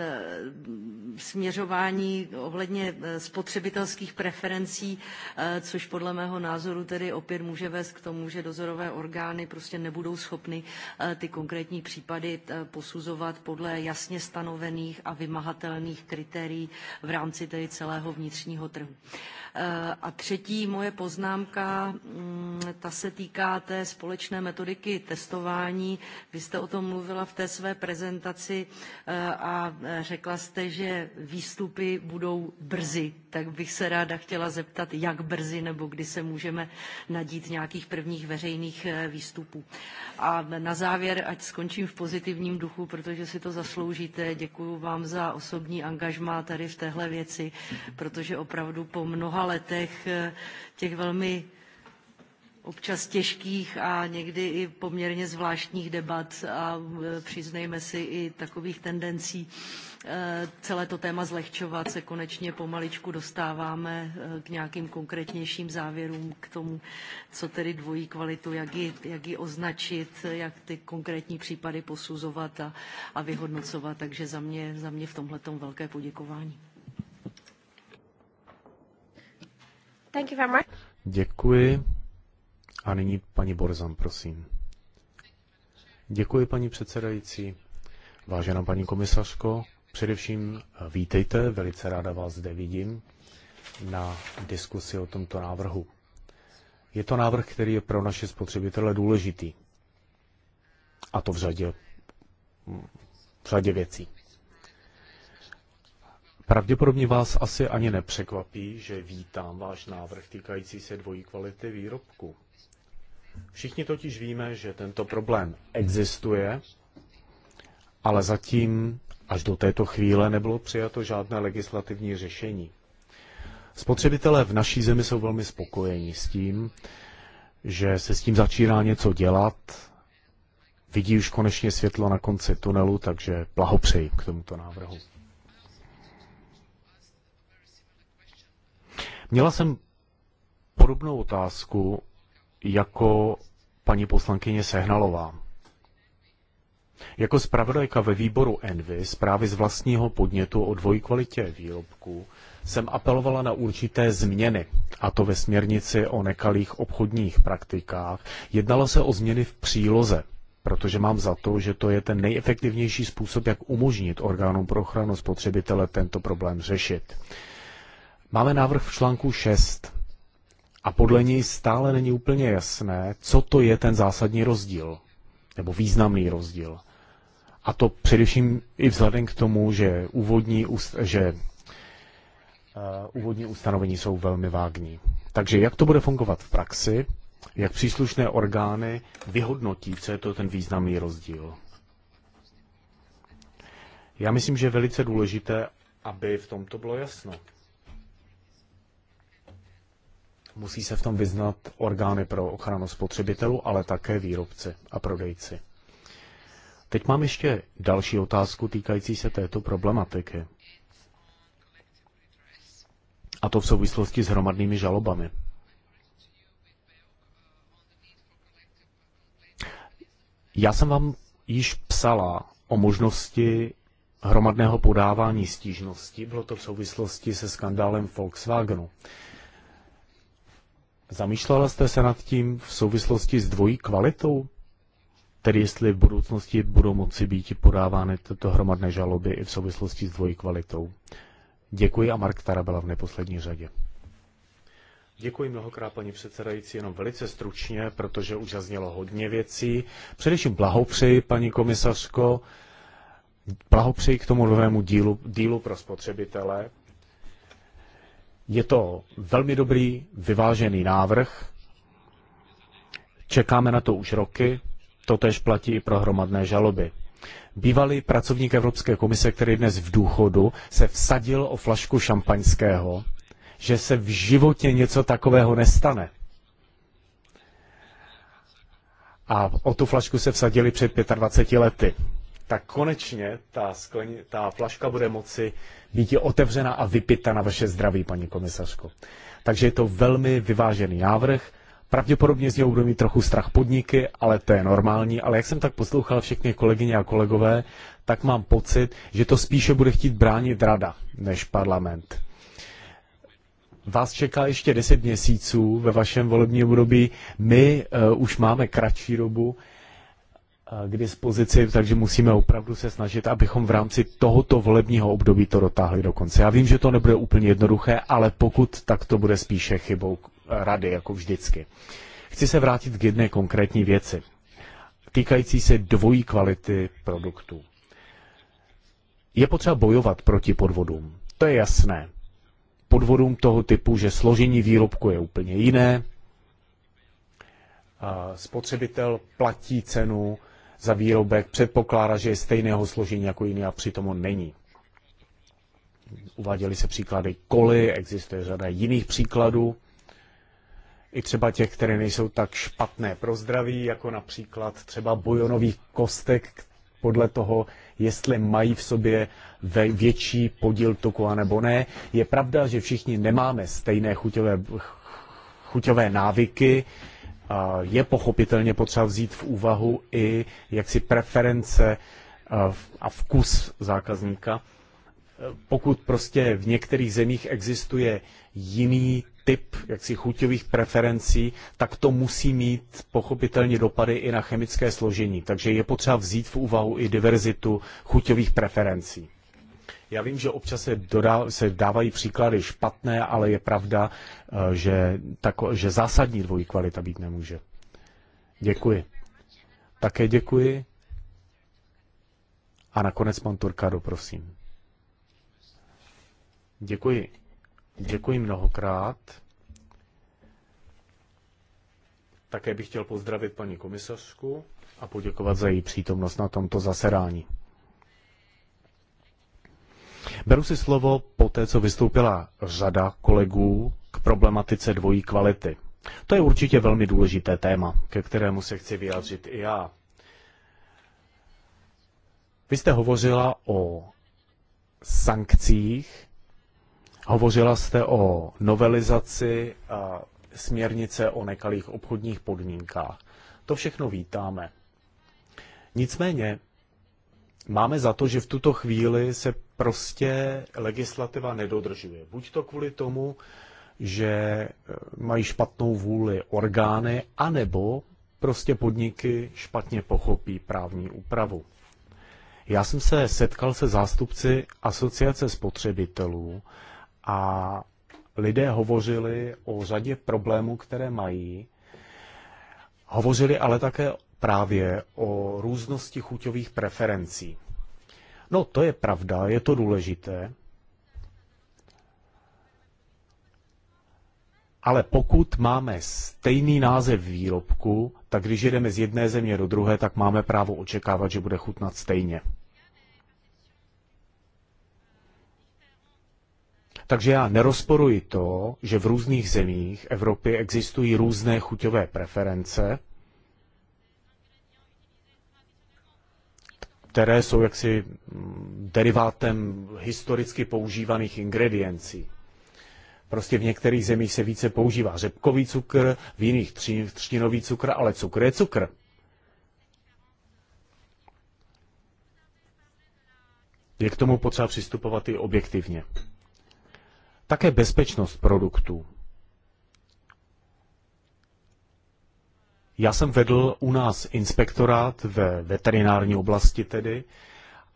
Speaker 4: směřování ohledně spotřebitelských preferencí, což podle mého názoru tedy opět může vést k tomu, že dozorové orgány prostě nebudou schopny ty konkrétní případy posuzovat podle jasně stanovených a vymahatelných srovnatelných kritérií v rámci tedy celého vnitřního trhu. Eh, a třetí moje poznámka, mm, ta se týká té společné metodiky testování. Vy jste o tom mluvila v té své prezentaci eh, a eh, řekla jste, že výstupy budou brzy. Tak bych se ráda chtěla zeptat, jak brzy nebo kdy se můžeme nadít nějakých prvních veřejných výstupů. A na závěr, ať skončím v pozitivním duchu, protože si to zasloužíte, děkuji vám za osobní angažmá tady v téhle věci, protože opravdu po mnoha letech eh, těch velmi občas těžkých a někdy i poměrně zvláštních debat a eh, přiznejme si i takových tendencí Eh, celé to téma zlehčovat, se konečně pomaličku dostáváme eh, k nějakým konkrétnějším závěrům, k tomu, co tedy dvojí kvalitu, jak ji, jak ji označit, jak ty konkrétní případy posuzovat a, a vyhodnocovat. Takže za mě, za mě v tomhle tom velké poděkování. Thank you very much.
Speaker 2: Děkuji. A nyní paní Borzan, prosím. Děkuji, paní předsedající. Vážená paní komisařko, Především eh, vítejte, velice ráda vás zde vidím na diskusi o tomto návrhu. Je to návrh, který je pro naše spotřebitele důležitý. A to v řadě, v řadě věcí. Pravděpodobně vás asi ani nepřekvapí, že vítám váš návrh týkající se dvojí kvality výrobku. Všichni totiž víme, že tento problém existuje, ale zatím Až do této chvíle nebylo přijato žádné legislativní řešení. Spotřebitelé v naší zemi jsou velmi spokojeni s tím, že se s tím začíná něco dělat, vidí už konečně světlo na konci tunelu, takže blahopřeji k tomuto návrhu. Měla jsem podobnou otázku jako paní poslankyně Sehnalová. Jako zpravodajka ve výboru Envy zprávy z vlastního podnětu o dvojkvalitě výrobků jsem apelovala na určité změny, a to ve směrnici o nekalých obchodních praktikách. Jednalo se o změny v příloze, protože mám za to, že to je ten nejefektivnější způsob, jak umožnit orgánům pro ochranu spotřebitele tento problém řešit. Máme návrh v článku 6 a podle něj stále není úplně jasné, co to je ten zásadní rozdíl, nebo významný rozdíl. A to především i vzhledem k tomu, že úvodní, že, uh, úvodní ustanovení jsou velmi vágní. Takže jak to bude fungovat v praxi, jak příslušné orgány vyhodnotí, co je to ten významný rozdíl. Já myslím, že je velice důležité, aby v tom to bylo jasno. Musí se v tom vyznat orgány pro ochranu spotřebitelů, ale také výrobci a prodejci. Teď mám ještě další otázku týkající se této problematiky. A to v souvislosti s hromadnými žalobami. Já jsem vám již psala o možnosti hromadného podávání stížností. Bylo to v souvislosti se skandálem Volkswagenu. Zamýšlela jste se nad tím v souvislosti s dvojí kvalitou tedy jestli v budoucnosti budou moci být podávány tyto hromadné žaloby i v souvislosti s dvojí kvalitou. Děkuji a Mark Tarabela v neposlední řadě. Děkuji mnohokrát, paní předsedající, jenom velice stručně, protože už zaznělo hodně věcí. Především blahopřeji, paní komisařko, blahopřeji k tomu novému dílu, dílu pro spotřebitele. Je to velmi dobrý, vyvážený návrh. Čekáme na to už roky. Totež platí i pro hromadné žaloby. Bývalý pracovník Evropské komise, který dnes v důchodu, se vsadil o flašku šampaňského, že se v životě něco takového nestane. A o tu flašku se vsadili před 25 lety. Tak konečně ta, skleni, ta flaška bude moci být otevřena a vypita na vaše zdraví, paní komisařko. Takže je to velmi vyvážený návrh Pravděpodobně z něho budou mít trochu strach podniky, ale to je normální. Ale jak jsem tak poslouchal všechny kolegyně a kolegové, tak mám pocit, že to spíše bude chtít bránit rada než parlament. Vás čeká ještě 10 měsíců ve vašem volebním období. My uh, už máme kratší dobu uh, k dispozici, takže musíme opravdu se snažit, abychom v rámci tohoto volebního období to dotáhli do konce. Já vím, že to nebude úplně jednoduché, ale pokud, tak to bude spíše chybou rady, jako vždycky. Chci se vrátit k jedné konkrétní věci, týkající se dvojí kvality produktů. Je potřeba bojovat proti podvodům, to je jasné. Podvodům toho typu, že složení výrobku je úplně jiné, spotřebitel platí cenu za výrobek, předpokládá, že je stejného složení jako jiný a přitom on není. Uváděly se příklady koly, existuje řada jiných příkladů i třeba těch, které nejsou tak špatné pro zdraví, jako například třeba bojonových kostek, podle toho, jestli mají v sobě větší podíl tuku a nebo ne. Je pravda, že všichni nemáme stejné chuťové, chuťové návyky. Je pochopitelně potřeba vzít v úvahu i jaksi preference a vkus zákazníka. Pokud prostě v některých zemích existuje jiný typ jaksi chuťových preferencí, tak to musí mít pochopitelně dopady i na chemické složení. Takže je potřeba vzít v úvahu i diverzitu chuťových preferencí. Já vím, že občas se, dodá, se dávají příklady špatné, ale je pravda, eh, že, tako, že zásadní dvojí kvalita být nemůže. Děkuji. Také děkuji. A nakonec pan Turkado, prosím. Děkuji. Děkuji mnohokrát. Také bych chtěl pozdravit paní komisařku a poděkovat za její přítomnost na tomto zasedání. Beru si slovo po té, co vystoupila řada kolegů k problematice dvojí kvality. To je určitě velmi důležité téma, ke kterému se chci vyjádřit i já. Vy jste hovořila o sankcích Hovořila jste o novelizaci směrnice o nekalých obchodních podmínkách. To všechno vítáme. Nicméně máme za to, že v tuto chvíli se prostě legislativa nedodržuje. Buď to kvůli tomu, že e, mají špatnou vůli orgány, anebo prostě podniky špatně pochopí právní úpravu. Já jsem se setkal se zástupci Asociace spotřebitelů, a lidé hovořili o řadě problémů, které mají. Hovořili ale také právě o různosti chuťových preferencí. No, to je pravda, je to důležité. Ale pokud máme stejný název výrobku, tak když jedeme z jedné země do druhé, tak máme právo očekávat, že bude chutnat stejně. Takže já nerozporuji to, že v různých zemích Evropy existují různé chuťové preference, které jsou jaksi mm, derivátem historicky používaných ingrediencí. Prostě v některých zemích se více používá řepkový cukr, v jiných třtinový cukr, ale cukr je cukr. Je k tomu potřeba přistupovat i objektivně. Také bezpečnost produktů. Já jsem vedl u nás inspektorát ve veterinární oblasti tedy,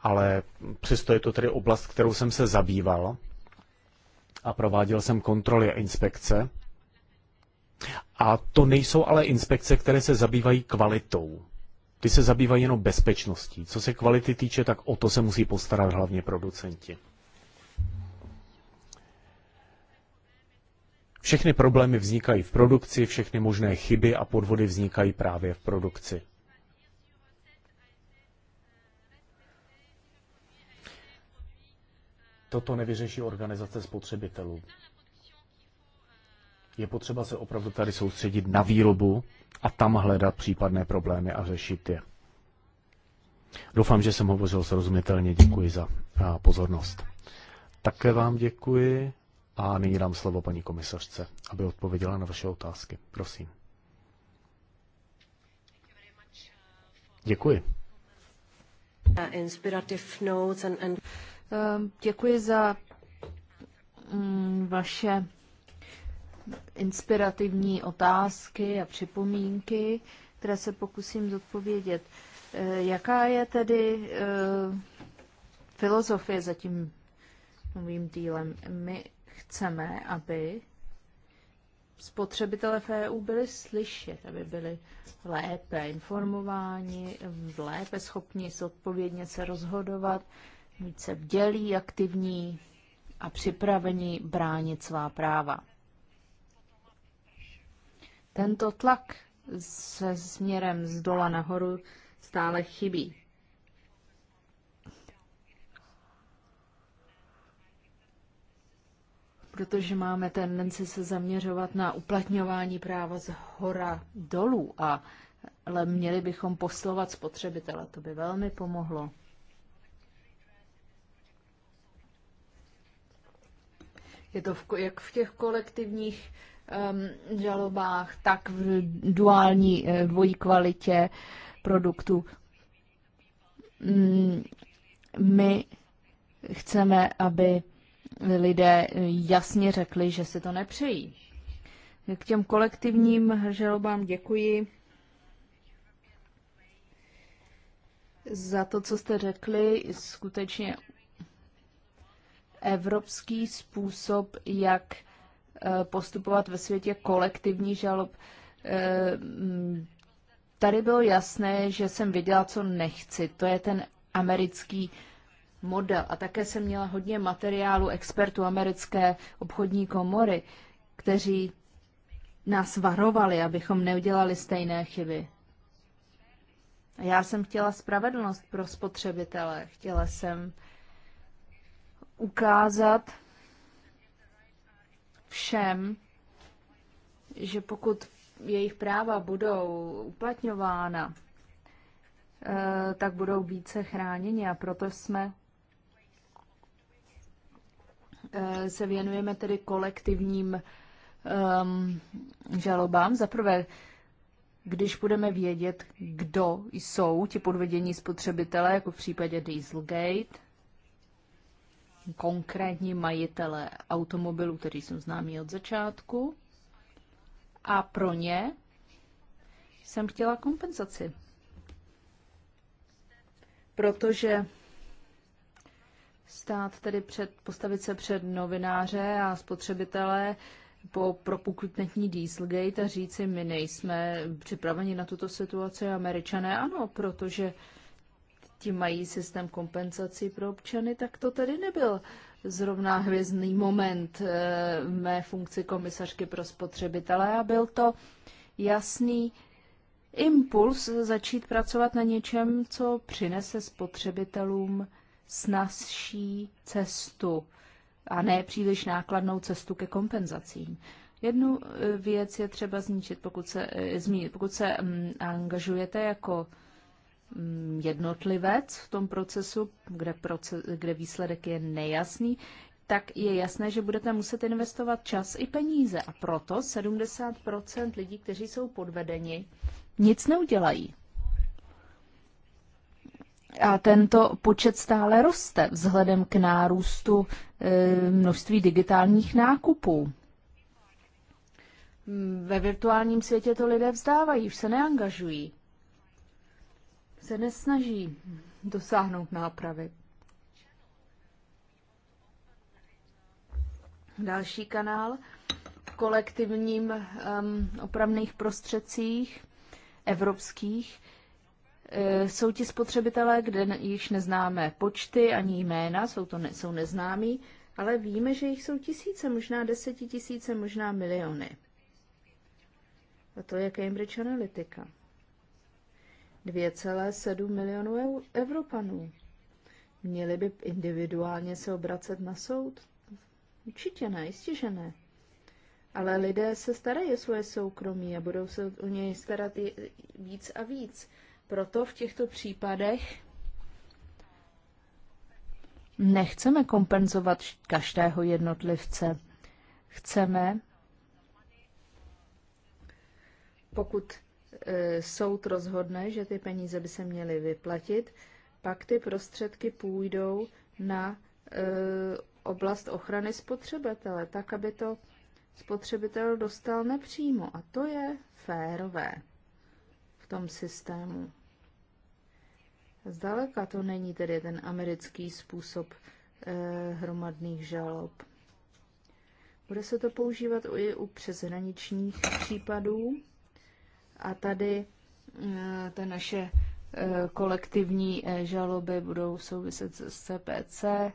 Speaker 2: ale přesto je to tedy oblast, kterou jsem se zabýval a prováděl jsem kontroly a inspekce. A to nejsou ale inspekce, které se zabývají kvalitou. Ty se zabývají jenom bezpečností. Co se kvality týče, tak o to se musí postarat hlavně producenti. Všechny problémy vznikají v produkci, všechny možné chyby a podvody vznikají právě v produkci. Toto nevyřeší organizace spotřebitelů. Je potřeba se opravdu tady soustředit na výrobu a tam hledat případné problémy a řešit je. Doufám, že jsem hovořil srozumitelně. Děkuji za pozornost. Také vám děkuji. A nyní dám slovo paní komisařce, aby odpověděla na vaše otázky. Prosím. Děkuji.
Speaker 1: Ehm, děkuji za mm, vaše inspirativní otázky a připomínky, které se pokusím zodpovědět. Ehm, jaká je tedy ehm, filozofie za tím novým dílem? My Chceme, aby spotřebitelé v EU byli slyšet, aby byli lépe informováni, lépe schopni zodpovědně se rozhodovat, více vdělí, aktivní a připraveni bránit svá práva. Tento tlak se směrem z dola nahoru stále chybí. protože máme tendenci se zaměřovat na uplatňování práva z hora dolů, a, ale měli bychom poslovat spotřebitele, to by velmi pomohlo. Je to v, jak v těch kolektivních um, žalobách, tak v duální eh, dvojí kvalitě produktu. Mm, my chceme, aby lidé jasně řekli, že si to nepřejí. K těm kolektivním žalobám děkuji za to, co jste řekli. Skutečně evropský způsob, jak eh, postupovat ve světě kolektivní žalob. Eh, tady bylo jasné, že jsem věděla, co nechci. To je ten americký model. A také jsem měla hodně materiálu expertů americké obchodní komory, kteří nás varovali, abychom neudělali stejné chyby. A já jsem chtěla spravedlnost pro spotřebitele. Chtěla jsem ukázat všem, že pokud jejich práva budou uplatňována, eh, tak budou více chráněni a proto jsme Eh, se věnujeme tedy kolektivním um, žalobám. Za prvé, když budeme vědět, kdo jsou ti podvedění spotřebitelé, jako v případě Dieselgate, konkrétní majitele automobilů, který jsou známí od začátku, a pro ně jsem chtěla kompenzaci. Protože stát tedy před, postavit se před novináře a spotřebitele po propuknutí Dieselgate a říci, my nejsme připraveni na tuto situaci, američané ano, protože ti mají systém kompenzací pro občany, tak to tedy nebyl zrovna hvězdný moment e, mé funkci komisařky pro spotřebitele a byl to jasný impuls začít pracovat na něčem, co přinese spotřebitelům snazší cestu a ne příliš nákladnou cestu ke kompenzacím. Jednu eh, věc je třeba zničit, pokud se, eh, zmínit, pokud se mm, angažujete jako mm, jednotlivec v tom procesu, kde, proces, kde výsledek je nejasný, tak je jasné, že budete muset investovat čas i peníze. A proto 70 lidí, kteří jsou podvedeni, nic neudělají. A tento počet stále roste vzhledem k nárůstu eh, množství digitálních nákupů. Ve virtuálním světě to lidé vzdávají, už se neangažují, se nesnaží dosáhnout nápravy. Další kanál v kolektivním um, opravných prostředcích evropských Eh, jsou ti spotřebitelé, kde již neznáme počty ani jména, jsou to ne, jsou neznámí, ale víme, že jich jsou tisíce, možná desetitisíce, možná miliony. A to je Cambridge Analytica. 2,7 milionů Evropanů. Měli by individuálně se obracet na soud? Určitě ne, jistě, že ne. Ale lidé se starají o svoje soukromí a budou se o něj starat víc a víc. Proto v těchto případech nechceme kompenzovat každého jednotlivce. Chceme, pokud e, soud rozhodne, že ty peníze by se měly vyplatit, pak ty prostředky půjdou na e, oblast ochrany spotřebitele, tak aby to spotřebitel dostal nepřímo. A to je férové tom systému. Zdaleka to není tedy ten americký způsob eh, hromadných žalob. Bude se to používat i u přeshraničních případů a tady eh, ta naše eh, kolektivní eh, žaloby budou souviset s CPC. Eh,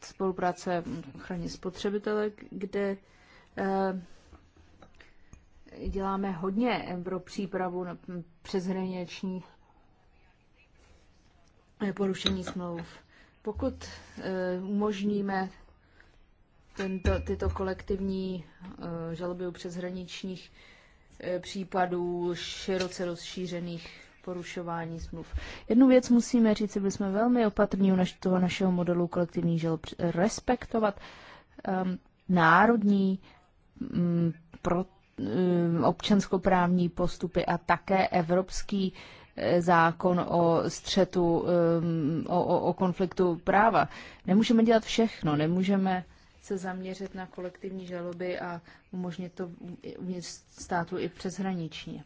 Speaker 1: spolupráce hm, ochraně spotřebitele, kde eh, děláme hodně pro přípravu na přeshraniční porušení smlouv. Pokud eh, umožníme tento, tyto kolektivní eh, žaloby u přeshraničních eh, případů široce rozšířených porušování smluv. Jednu věc musíme říct, byli jsme velmi opatrní u naš, toho našeho modelu kolektivní žalob respektovat um, národní um, pro, Eh, občanskoprávní postupy a také evropský eh, zákon o střetu, eh, o, o, o konfliktu práva. Nemůžeme dělat všechno, nemůžeme se zaměřit na kolektivní žaloby a umožnit to uvnitř státu i přeshraničně.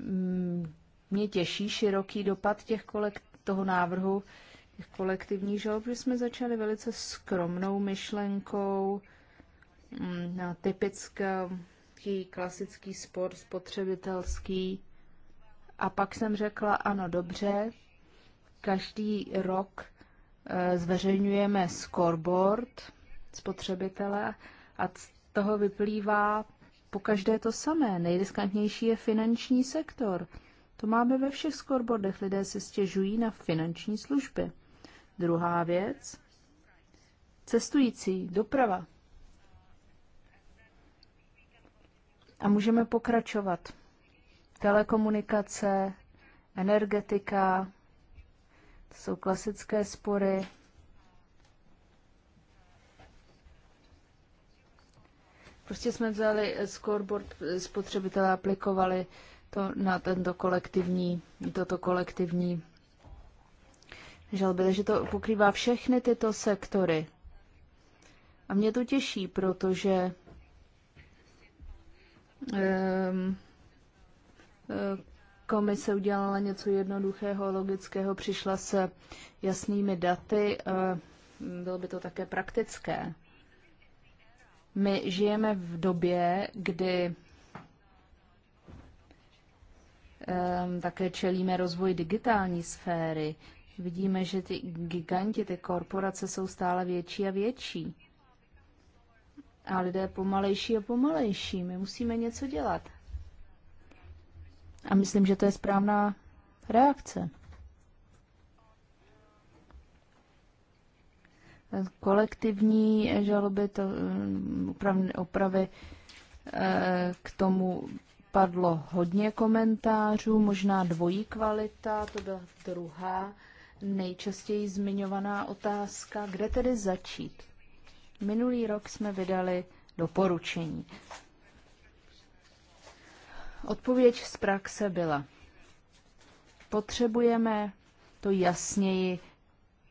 Speaker 1: Mm, mě těší široký dopad těch kolek- toho návrhu těch kolektivních žalob, že jsme začali velice skromnou myšlenkou, Mm, typický klasický spor spotřebitelský. A pak jsem řekla, ano, dobře, každý rok eh, zveřejňujeme scoreboard spotřebitele a z toho vyplývá po každé to samé. Nejriskantnější je finanční sektor. To máme ve všech scoreboardech. Lidé se stěžují na finanční služby. Druhá věc. Cestující, doprava. A můžeme pokračovat. Telekomunikace, energetika, to jsou klasické spory. Prostě jsme vzali scoreboard spotřebitele a aplikovali to na tento kolektivní, toto kolektivní žalby. Takže to pokrývá všechny tyto sektory. A mě to těší, protože Ehm, eh, komise udělala něco jednoduchého, logického, přišla se jasnými daty, bylo by to také praktické. My žijeme v době, kdy ehm, také čelíme rozvoji digitální sféry. Vidíme, že ty giganti, ty korporace jsou stále větší a větší. A lidé pomalejší a pomalejší. My musíme něco dělat. A myslím, že to je správná reakce. Kolektivní žaloby, to, mm, opravy, eh, k tomu padlo hodně komentářů, možná dvojí kvalita, to byla druhá nejčastěji zmiňovaná otázka, kde tedy začít. Minulý rok jsme vydali doporučení. Odpověď z praxe byla, potřebujeme to jasněji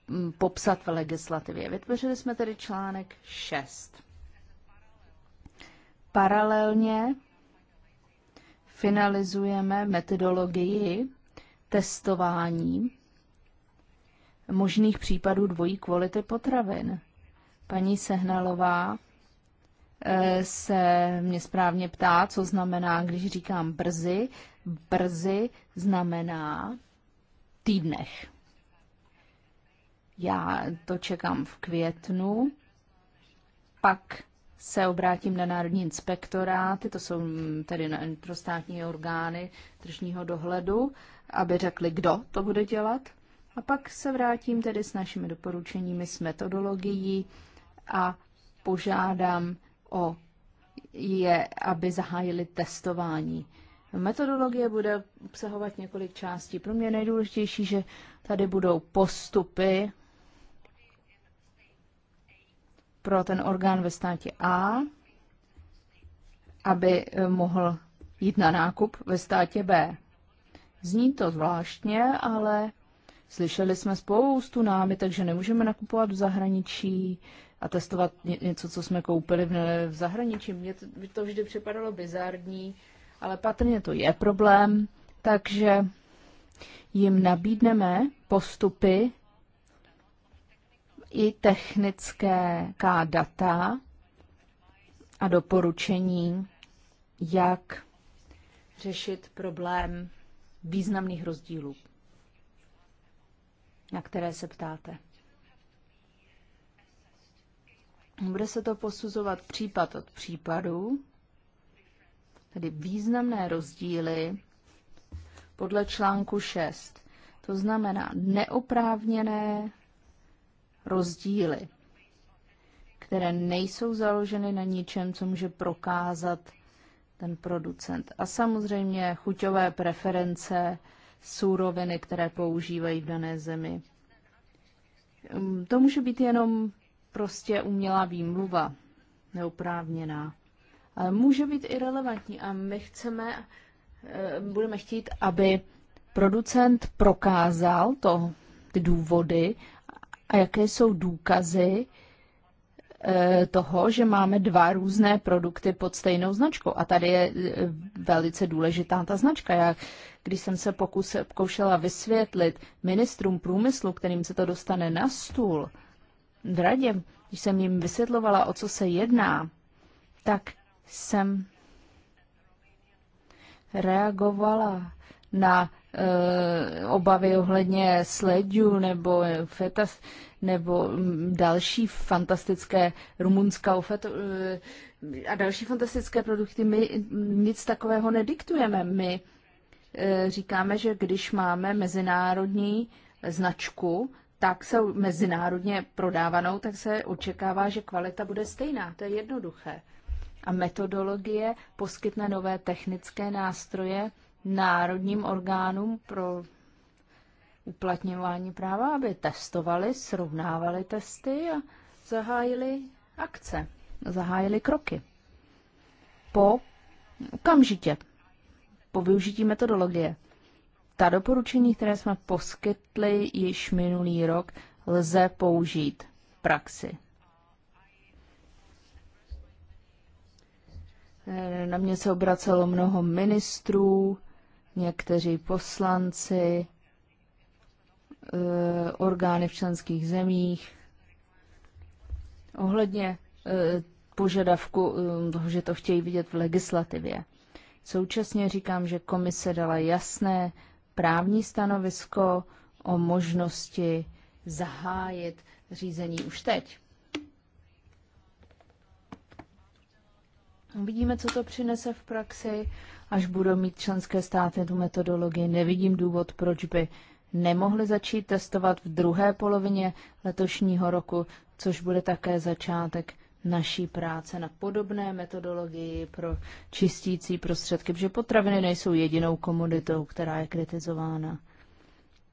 Speaker 1: mm, popsat v legislativě. Vytvořili jsme tedy článek 6. Paralelně finalizujeme metodologii testování možných případů dvojí kvality potravin. Paní Sehnalová eh, se mě správně ptá, co znamená, když říkám brzy. Brzy znamená týdnech. Já to čekám v květnu, pak se obrátím na Národní inspektora, Tyto jsou tedy prostátní orgány tržního dohledu, aby řekli, kdo to bude dělat. A pak se vrátím tedy s našimi doporučeními, s metodologií, a požádám o je, aby zahájili testování. Metodologie bude obsahovat několik částí. Pro mě nejdůležitější, že tady budou postupy pro ten orgán ve státě A, aby eh, mohl jít na nákup ve státě B. Zní to zvláštně, ale slyšeli jsme spoustu námi, takže nemůžeme nakupovat v zahraničí, a testovat něco, co jsme koupili v zahraničí. Mně to, by to vždy připadalo bizarní, ale patrně to je problém, takže jim nabídneme postupy i technické data a doporučení, jak řešit problém významných rozdílů, na které se ptáte. Bude se to posuzovat případ od případu, tedy významné rozdíly podle článku 6. To znamená neoprávněné rozdíly, které nejsou založeny na ničem, co může prokázat ten producent. A samozřejmě chuťové preference, suroviny, které používají v dané zemi. To může být jenom prostě umělá výmluva, neoprávněná. Ale může být i relevantní a my chceme, eh, budeme chtít, aby producent prokázal to, ty důvody a jaké jsou důkazy eh, toho, že máme dva různé produkty pod stejnou značkou. A tady je eh, velice důležitá ta značka. Já, když jsem se pokusila pokoušela vysvětlit ministrům průmyslu, kterým se to dostane na stůl, v radě, když jsem jim vysvětlovala, o co se jedná, tak jsem reagovala na e, obavy ohledně sledů nebo fetas nebo mm, další fantastické rumunská e, eh, a další fantastické produkty. My nic takového nediktujeme. My e, říkáme, že když máme mezinárodní značku, tak jsou mezinárodně prodávanou, tak se očekává, že kvalita bude stejná. To je jednoduché. A metodologie poskytne nové technické nástroje národním orgánům pro uplatňování práva, aby testovali, srovnávali testy a zahájili akce, zahájili kroky. Po okamžitě, po využití metodologie ta doporučení, které jsme poskytli již minulý rok, lze použít v praxi. Eh, na mě se obracelo mnoho ministrů, někteří poslanci, eh, orgány v členských zemích. Ohledně eh, požadavku toho, že to chtějí vidět v legislativě. Současně říkám, že komise dala jasné právní stanovisko o možnosti zahájit řízení už teď. Uvidíme, co to přinese v praxi, až budou mít členské státy tu metodologii. Nevidím důvod, proč by nemohli začít testovat v druhé polovině letošního roku, což bude také začátek naší práce na podobné metodologii pro čistící prostředky, protože potraviny nejsou jedinou komoditou, která je kritizována.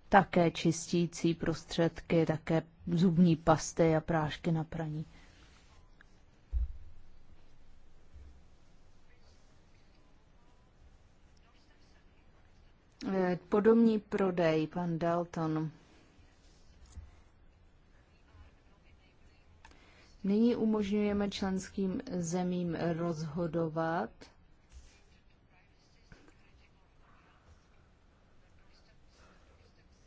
Speaker 1: Také čistící prostředky, také zubní pasty a prášky na praní. Eh, podobný prodej, pan Dalton. Nyní umožňujeme členským zemím rozhodovat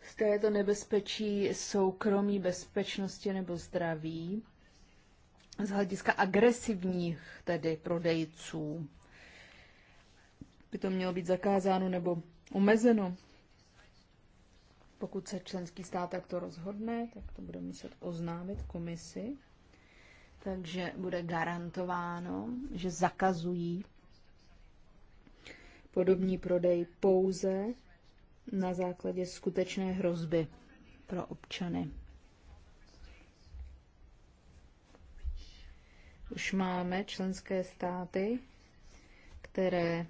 Speaker 1: z této nebezpečí soukromí, bezpečnosti nebo zdraví z hlediska agresivních tedy prodejců. By to mělo být zakázáno nebo omezeno. Pokud se členský stát takto rozhodne, tak to bude muset oznámit komisi takže bude garantováno, že zakazují podobní prodej pouze na základě skutečné hrozby pro občany. Už máme členské státy, které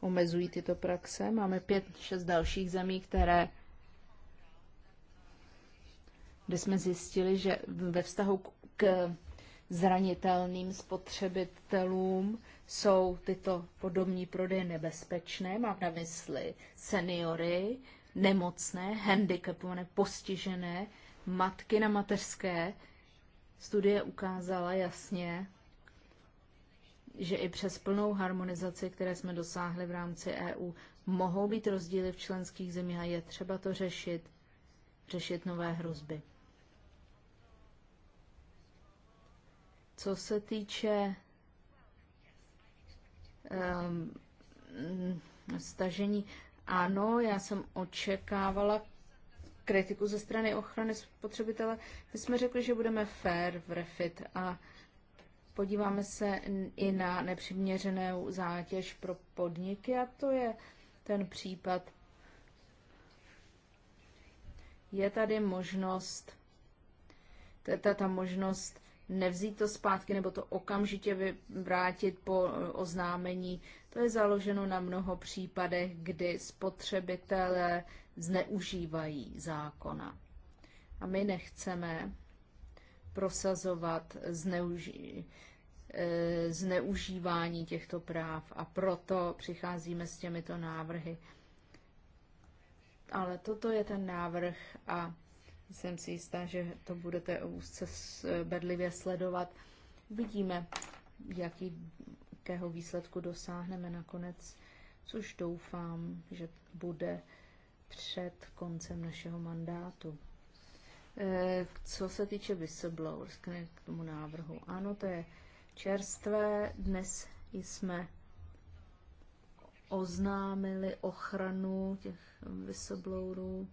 Speaker 1: omezují tyto praxe. Máme pět, šest dalších zemí, které kde jsme zjistili, že ve vztahu k zranitelným spotřebitelům jsou tyto podobní prodeje nebezpečné. Mám na mysli seniory, nemocné, handicapované, postižené, matky na mateřské. Studie ukázala jasně, že i přes plnou harmonizaci, které jsme dosáhli v rámci EU, mohou být rozdíly v členských zemích a je třeba to řešit, řešit nové hrozby. Co se týče um, stažení, ano, já jsem očekávala kritiku ze strany ochrany spotřebitele. My jsme řekli, že budeme fair v refit a podíváme se i na nepřiměřenou zátěž pro podniky a to je ten případ. Je tady možnost, ta, ta možnost nevzít to zpátky nebo to okamžitě vrátit po eh, oznámení. To je založeno na mnoho případech, kdy spotřebitelé zneužívají zákona. A my nechceme prosazovat zneuži- eh, zneužívání těchto práv a proto přicházíme s těmito návrhy. Ale toto je ten návrh a jsem si jistá, že to budete úzce bedlivě sledovat. Vidíme, jakého výsledku dosáhneme nakonec, což doufám, že bude před koncem našeho mandátu. E, co se týče whistleblowers, k tomu návrhu. Ano, to je čerstvé. Dnes jsme oznámili ochranu těch whistleblowerů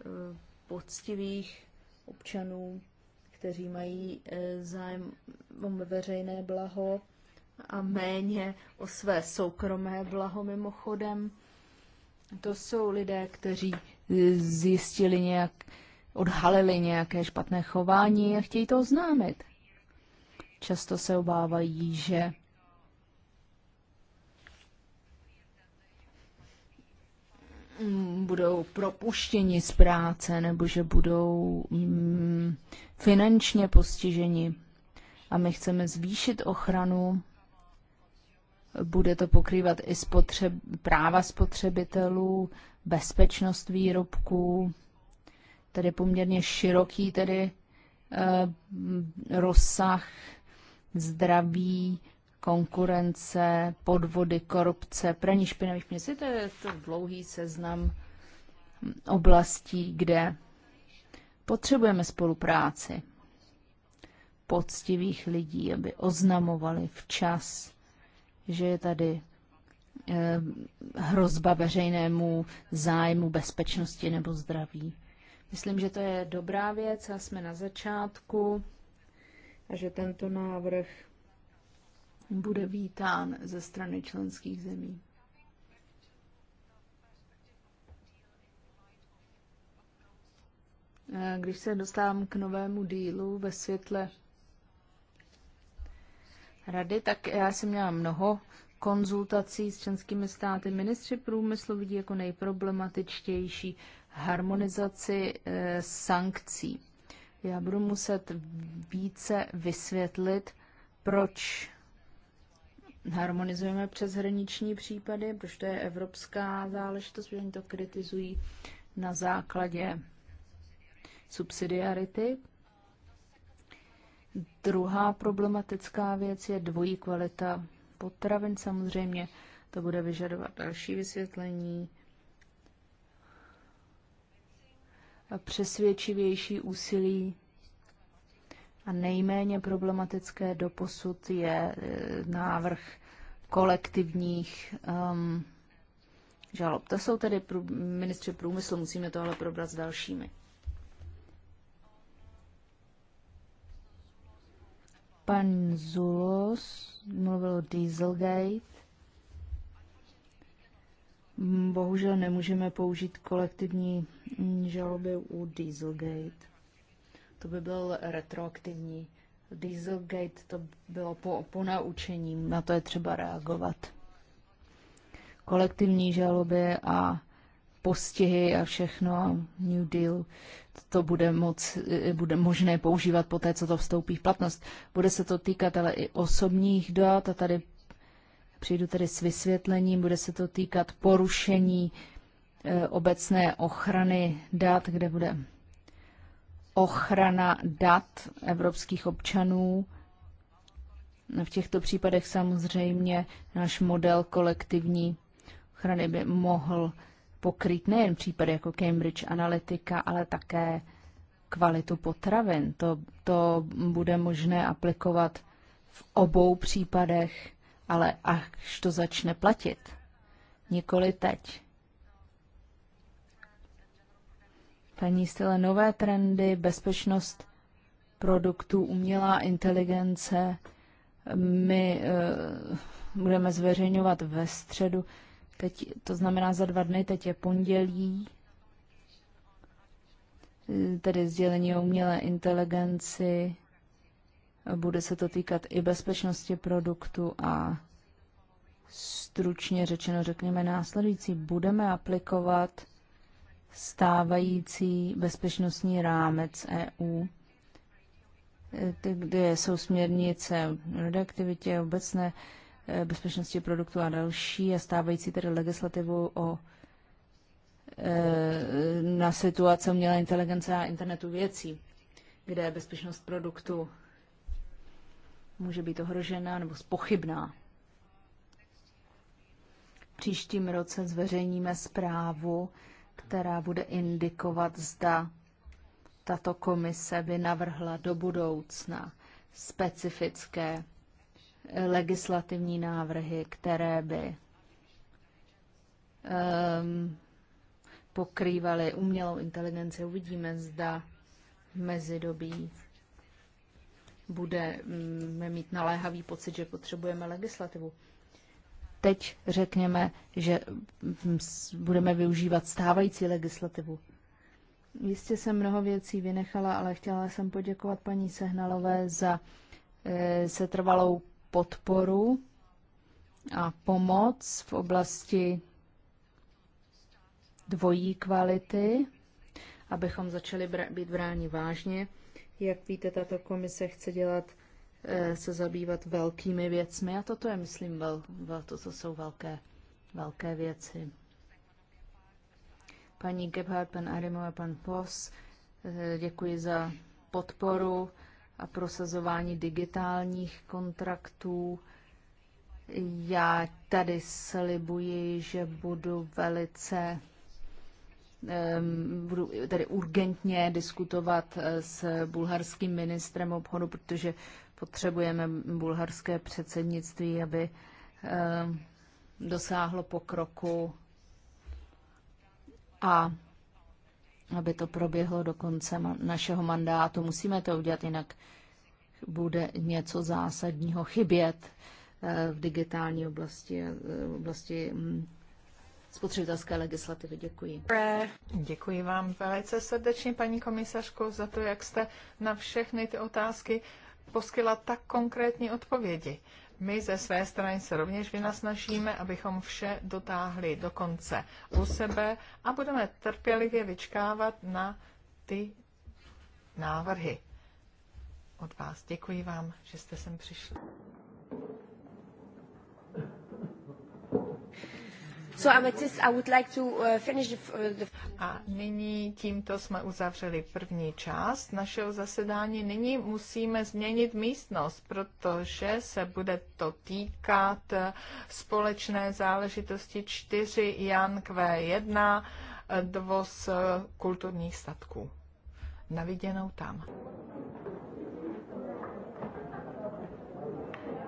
Speaker 1: e, poctivých občanů, kteří mají eh, zájem o veřejné blaho a méně o své soukromé blaho mimochodem. To jsou lidé, kteří eh, zjistili nějak, odhalili nějaké špatné chování a chtějí to oznámit. Často se obávají, že Mm, budou propuštěni z práce nebo že budou mm, finančně postiženi. A my chceme zvýšit ochranu. Bude to pokrývat i spotřeb, práva spotřebitelů, bezpečnost výrobků, tedy poměrně široký tedy eh, rozsah zdraví, konkurence, podvody, korupce, praní špinavých peněz. To je to dlouhý seznam oblastí, kde potřebujeme spolupráci poctivých lidí, aby oznamovali včas, že je tady eh, hrozba veřejnému zájmu, bezpečnosti nebo zdraví. Myslím, že to je dobrá věc a jsme na začátku a že tento návrh bude vítán ze strany členských zemí. E, když se dostávám k novému dílu ve světle rady, tak já jsem měla mnoho konzultací s členskými státy. Ministři průmyslu vidí jako nejproblematičtější harmonizaci e, sankcí. Já budu muset více vysvětlit, proč harmonizujeme přes hraniční případy, protože to je evropská záležitost, protože oni to kritizují na základě subsidiarity. Druhá problematická věc je dvojí kvalita potravin. Samozřejmě to bude vyžadovat další vysvětlení. A přesvědčivější úsilí a nejméně problematické doposud je eh, návrh kolektivních um, žalob. To jsou tedy prů, ministři průmyslu, musíme to ale probrat s dalšími. Pan Zulos mluvil o Dieselgate. Bohužel nemůžeme použít kolektivní žaloby u Dieselgate to by byl retroaktivní. Dieselgate to bylo po, po naučení, na to je třeba reagovat. Kolektivní žaloby a postihy a všechno, New Deal, to bude, moc, bude možné používat po té, co to vstoupí v platnost. Bude se to týkat ale i osobních dat a tady přijdu tedy s vysvětlením, bude se to týkat porušení e, obecné ochrany dat, kde bude ochrana dat evropských občanů. V těchto případech samozřejmě náš model kolektivní ochrany by mohl pokryt nejen případy jako Cambridge Analytica, ale také kvalitu potravin. To, to bude možné aplikovat v obou případech, ale až to začne platit. Nikoli teď. paní Stele, nové trendy, bezpečnost produktů, umělá inteligence. My uh, budeme zveřejňovat ve středu. Teď, to znamená za dva dny, teď je pondělí, tedy sdělení o umělé inteligenci. Bude se to týkat i bezpečnosti produktu a stručně řečeno řekněme následující. Budeme aplikovat stávající bezpečnostní rámec EU, kde jsou směrnice o radioaktivitě, obecné eh, bezpečnosti produktů a další a stávající tedy legislativu o eh, na situace umělé inteligence a internetu věcí, kde bezpečnost produktu může být ohrožená nebo spochybná. V příštím roce zveřejníme zprávu která bude indikovat, zda tato komise by navrhla do budoucna specifické legislativní návrhy, které by um, pokrývaly umělou inteligenci. Uvidíme, zda v mezidobí mm, budeme mít naléhavý pocit, že potřebujeme legislativu teď řekněme, že budeme využívat stávající legislativu. Jistě jsem mnoho věcí vynechala, ale chtěla jsem poděkovat paní Sehnalové za e, setrvalou podporu a pomoc v oblasti dvojí kvality, abychom začali být bráni vážně. Jak víte, tato komise chce dělat E, se zabývat velkými věcmi a toto je, myslím, vel, vel, to, co jsou velké, velké věci. Paní Gebhardt, pan Arimo a pan Pos, e, děkuji za podporu a prosazování digitálních kontraktů. Já tady slibuji, že budu velice budu tady urgentně diskutovat e, s bulharským ministrem obchodu, protože Potřebujeme bulharské předsednictví, aby eh, dosáhlo pokroku a aby to proběhlo do konce našeho mandátu. Musíme to udělat, jinak bude něco zásadního chybět eh, v digitální oblasti, eh, v oblasti hm,
Speaker 3: spotřebitelské legislativy. Děkuji. Děkuji vám velice srdečně, paní komisařko, za to, jak jste na všechny ty otázky poskytla tak konkrétní odpovědi. My ze své strany se rovněž vynasnažíme, abychom vše dotáhli do konce u sebe a budeme trpělivě vyčkávat na ty návrhy od vás. Děkuji vám, že jste sem přišli. So, Amethyst, I would like to uh, finish uh, the, A nyní tímto jsme uzavřeli první část našeho zasedání. Nyní musíme změnit místnost, protože se bude to týkat eh, společné záležitosti 4 Jan Q1 eh, dvoz eh, kulturních statků. Naviděnou tam.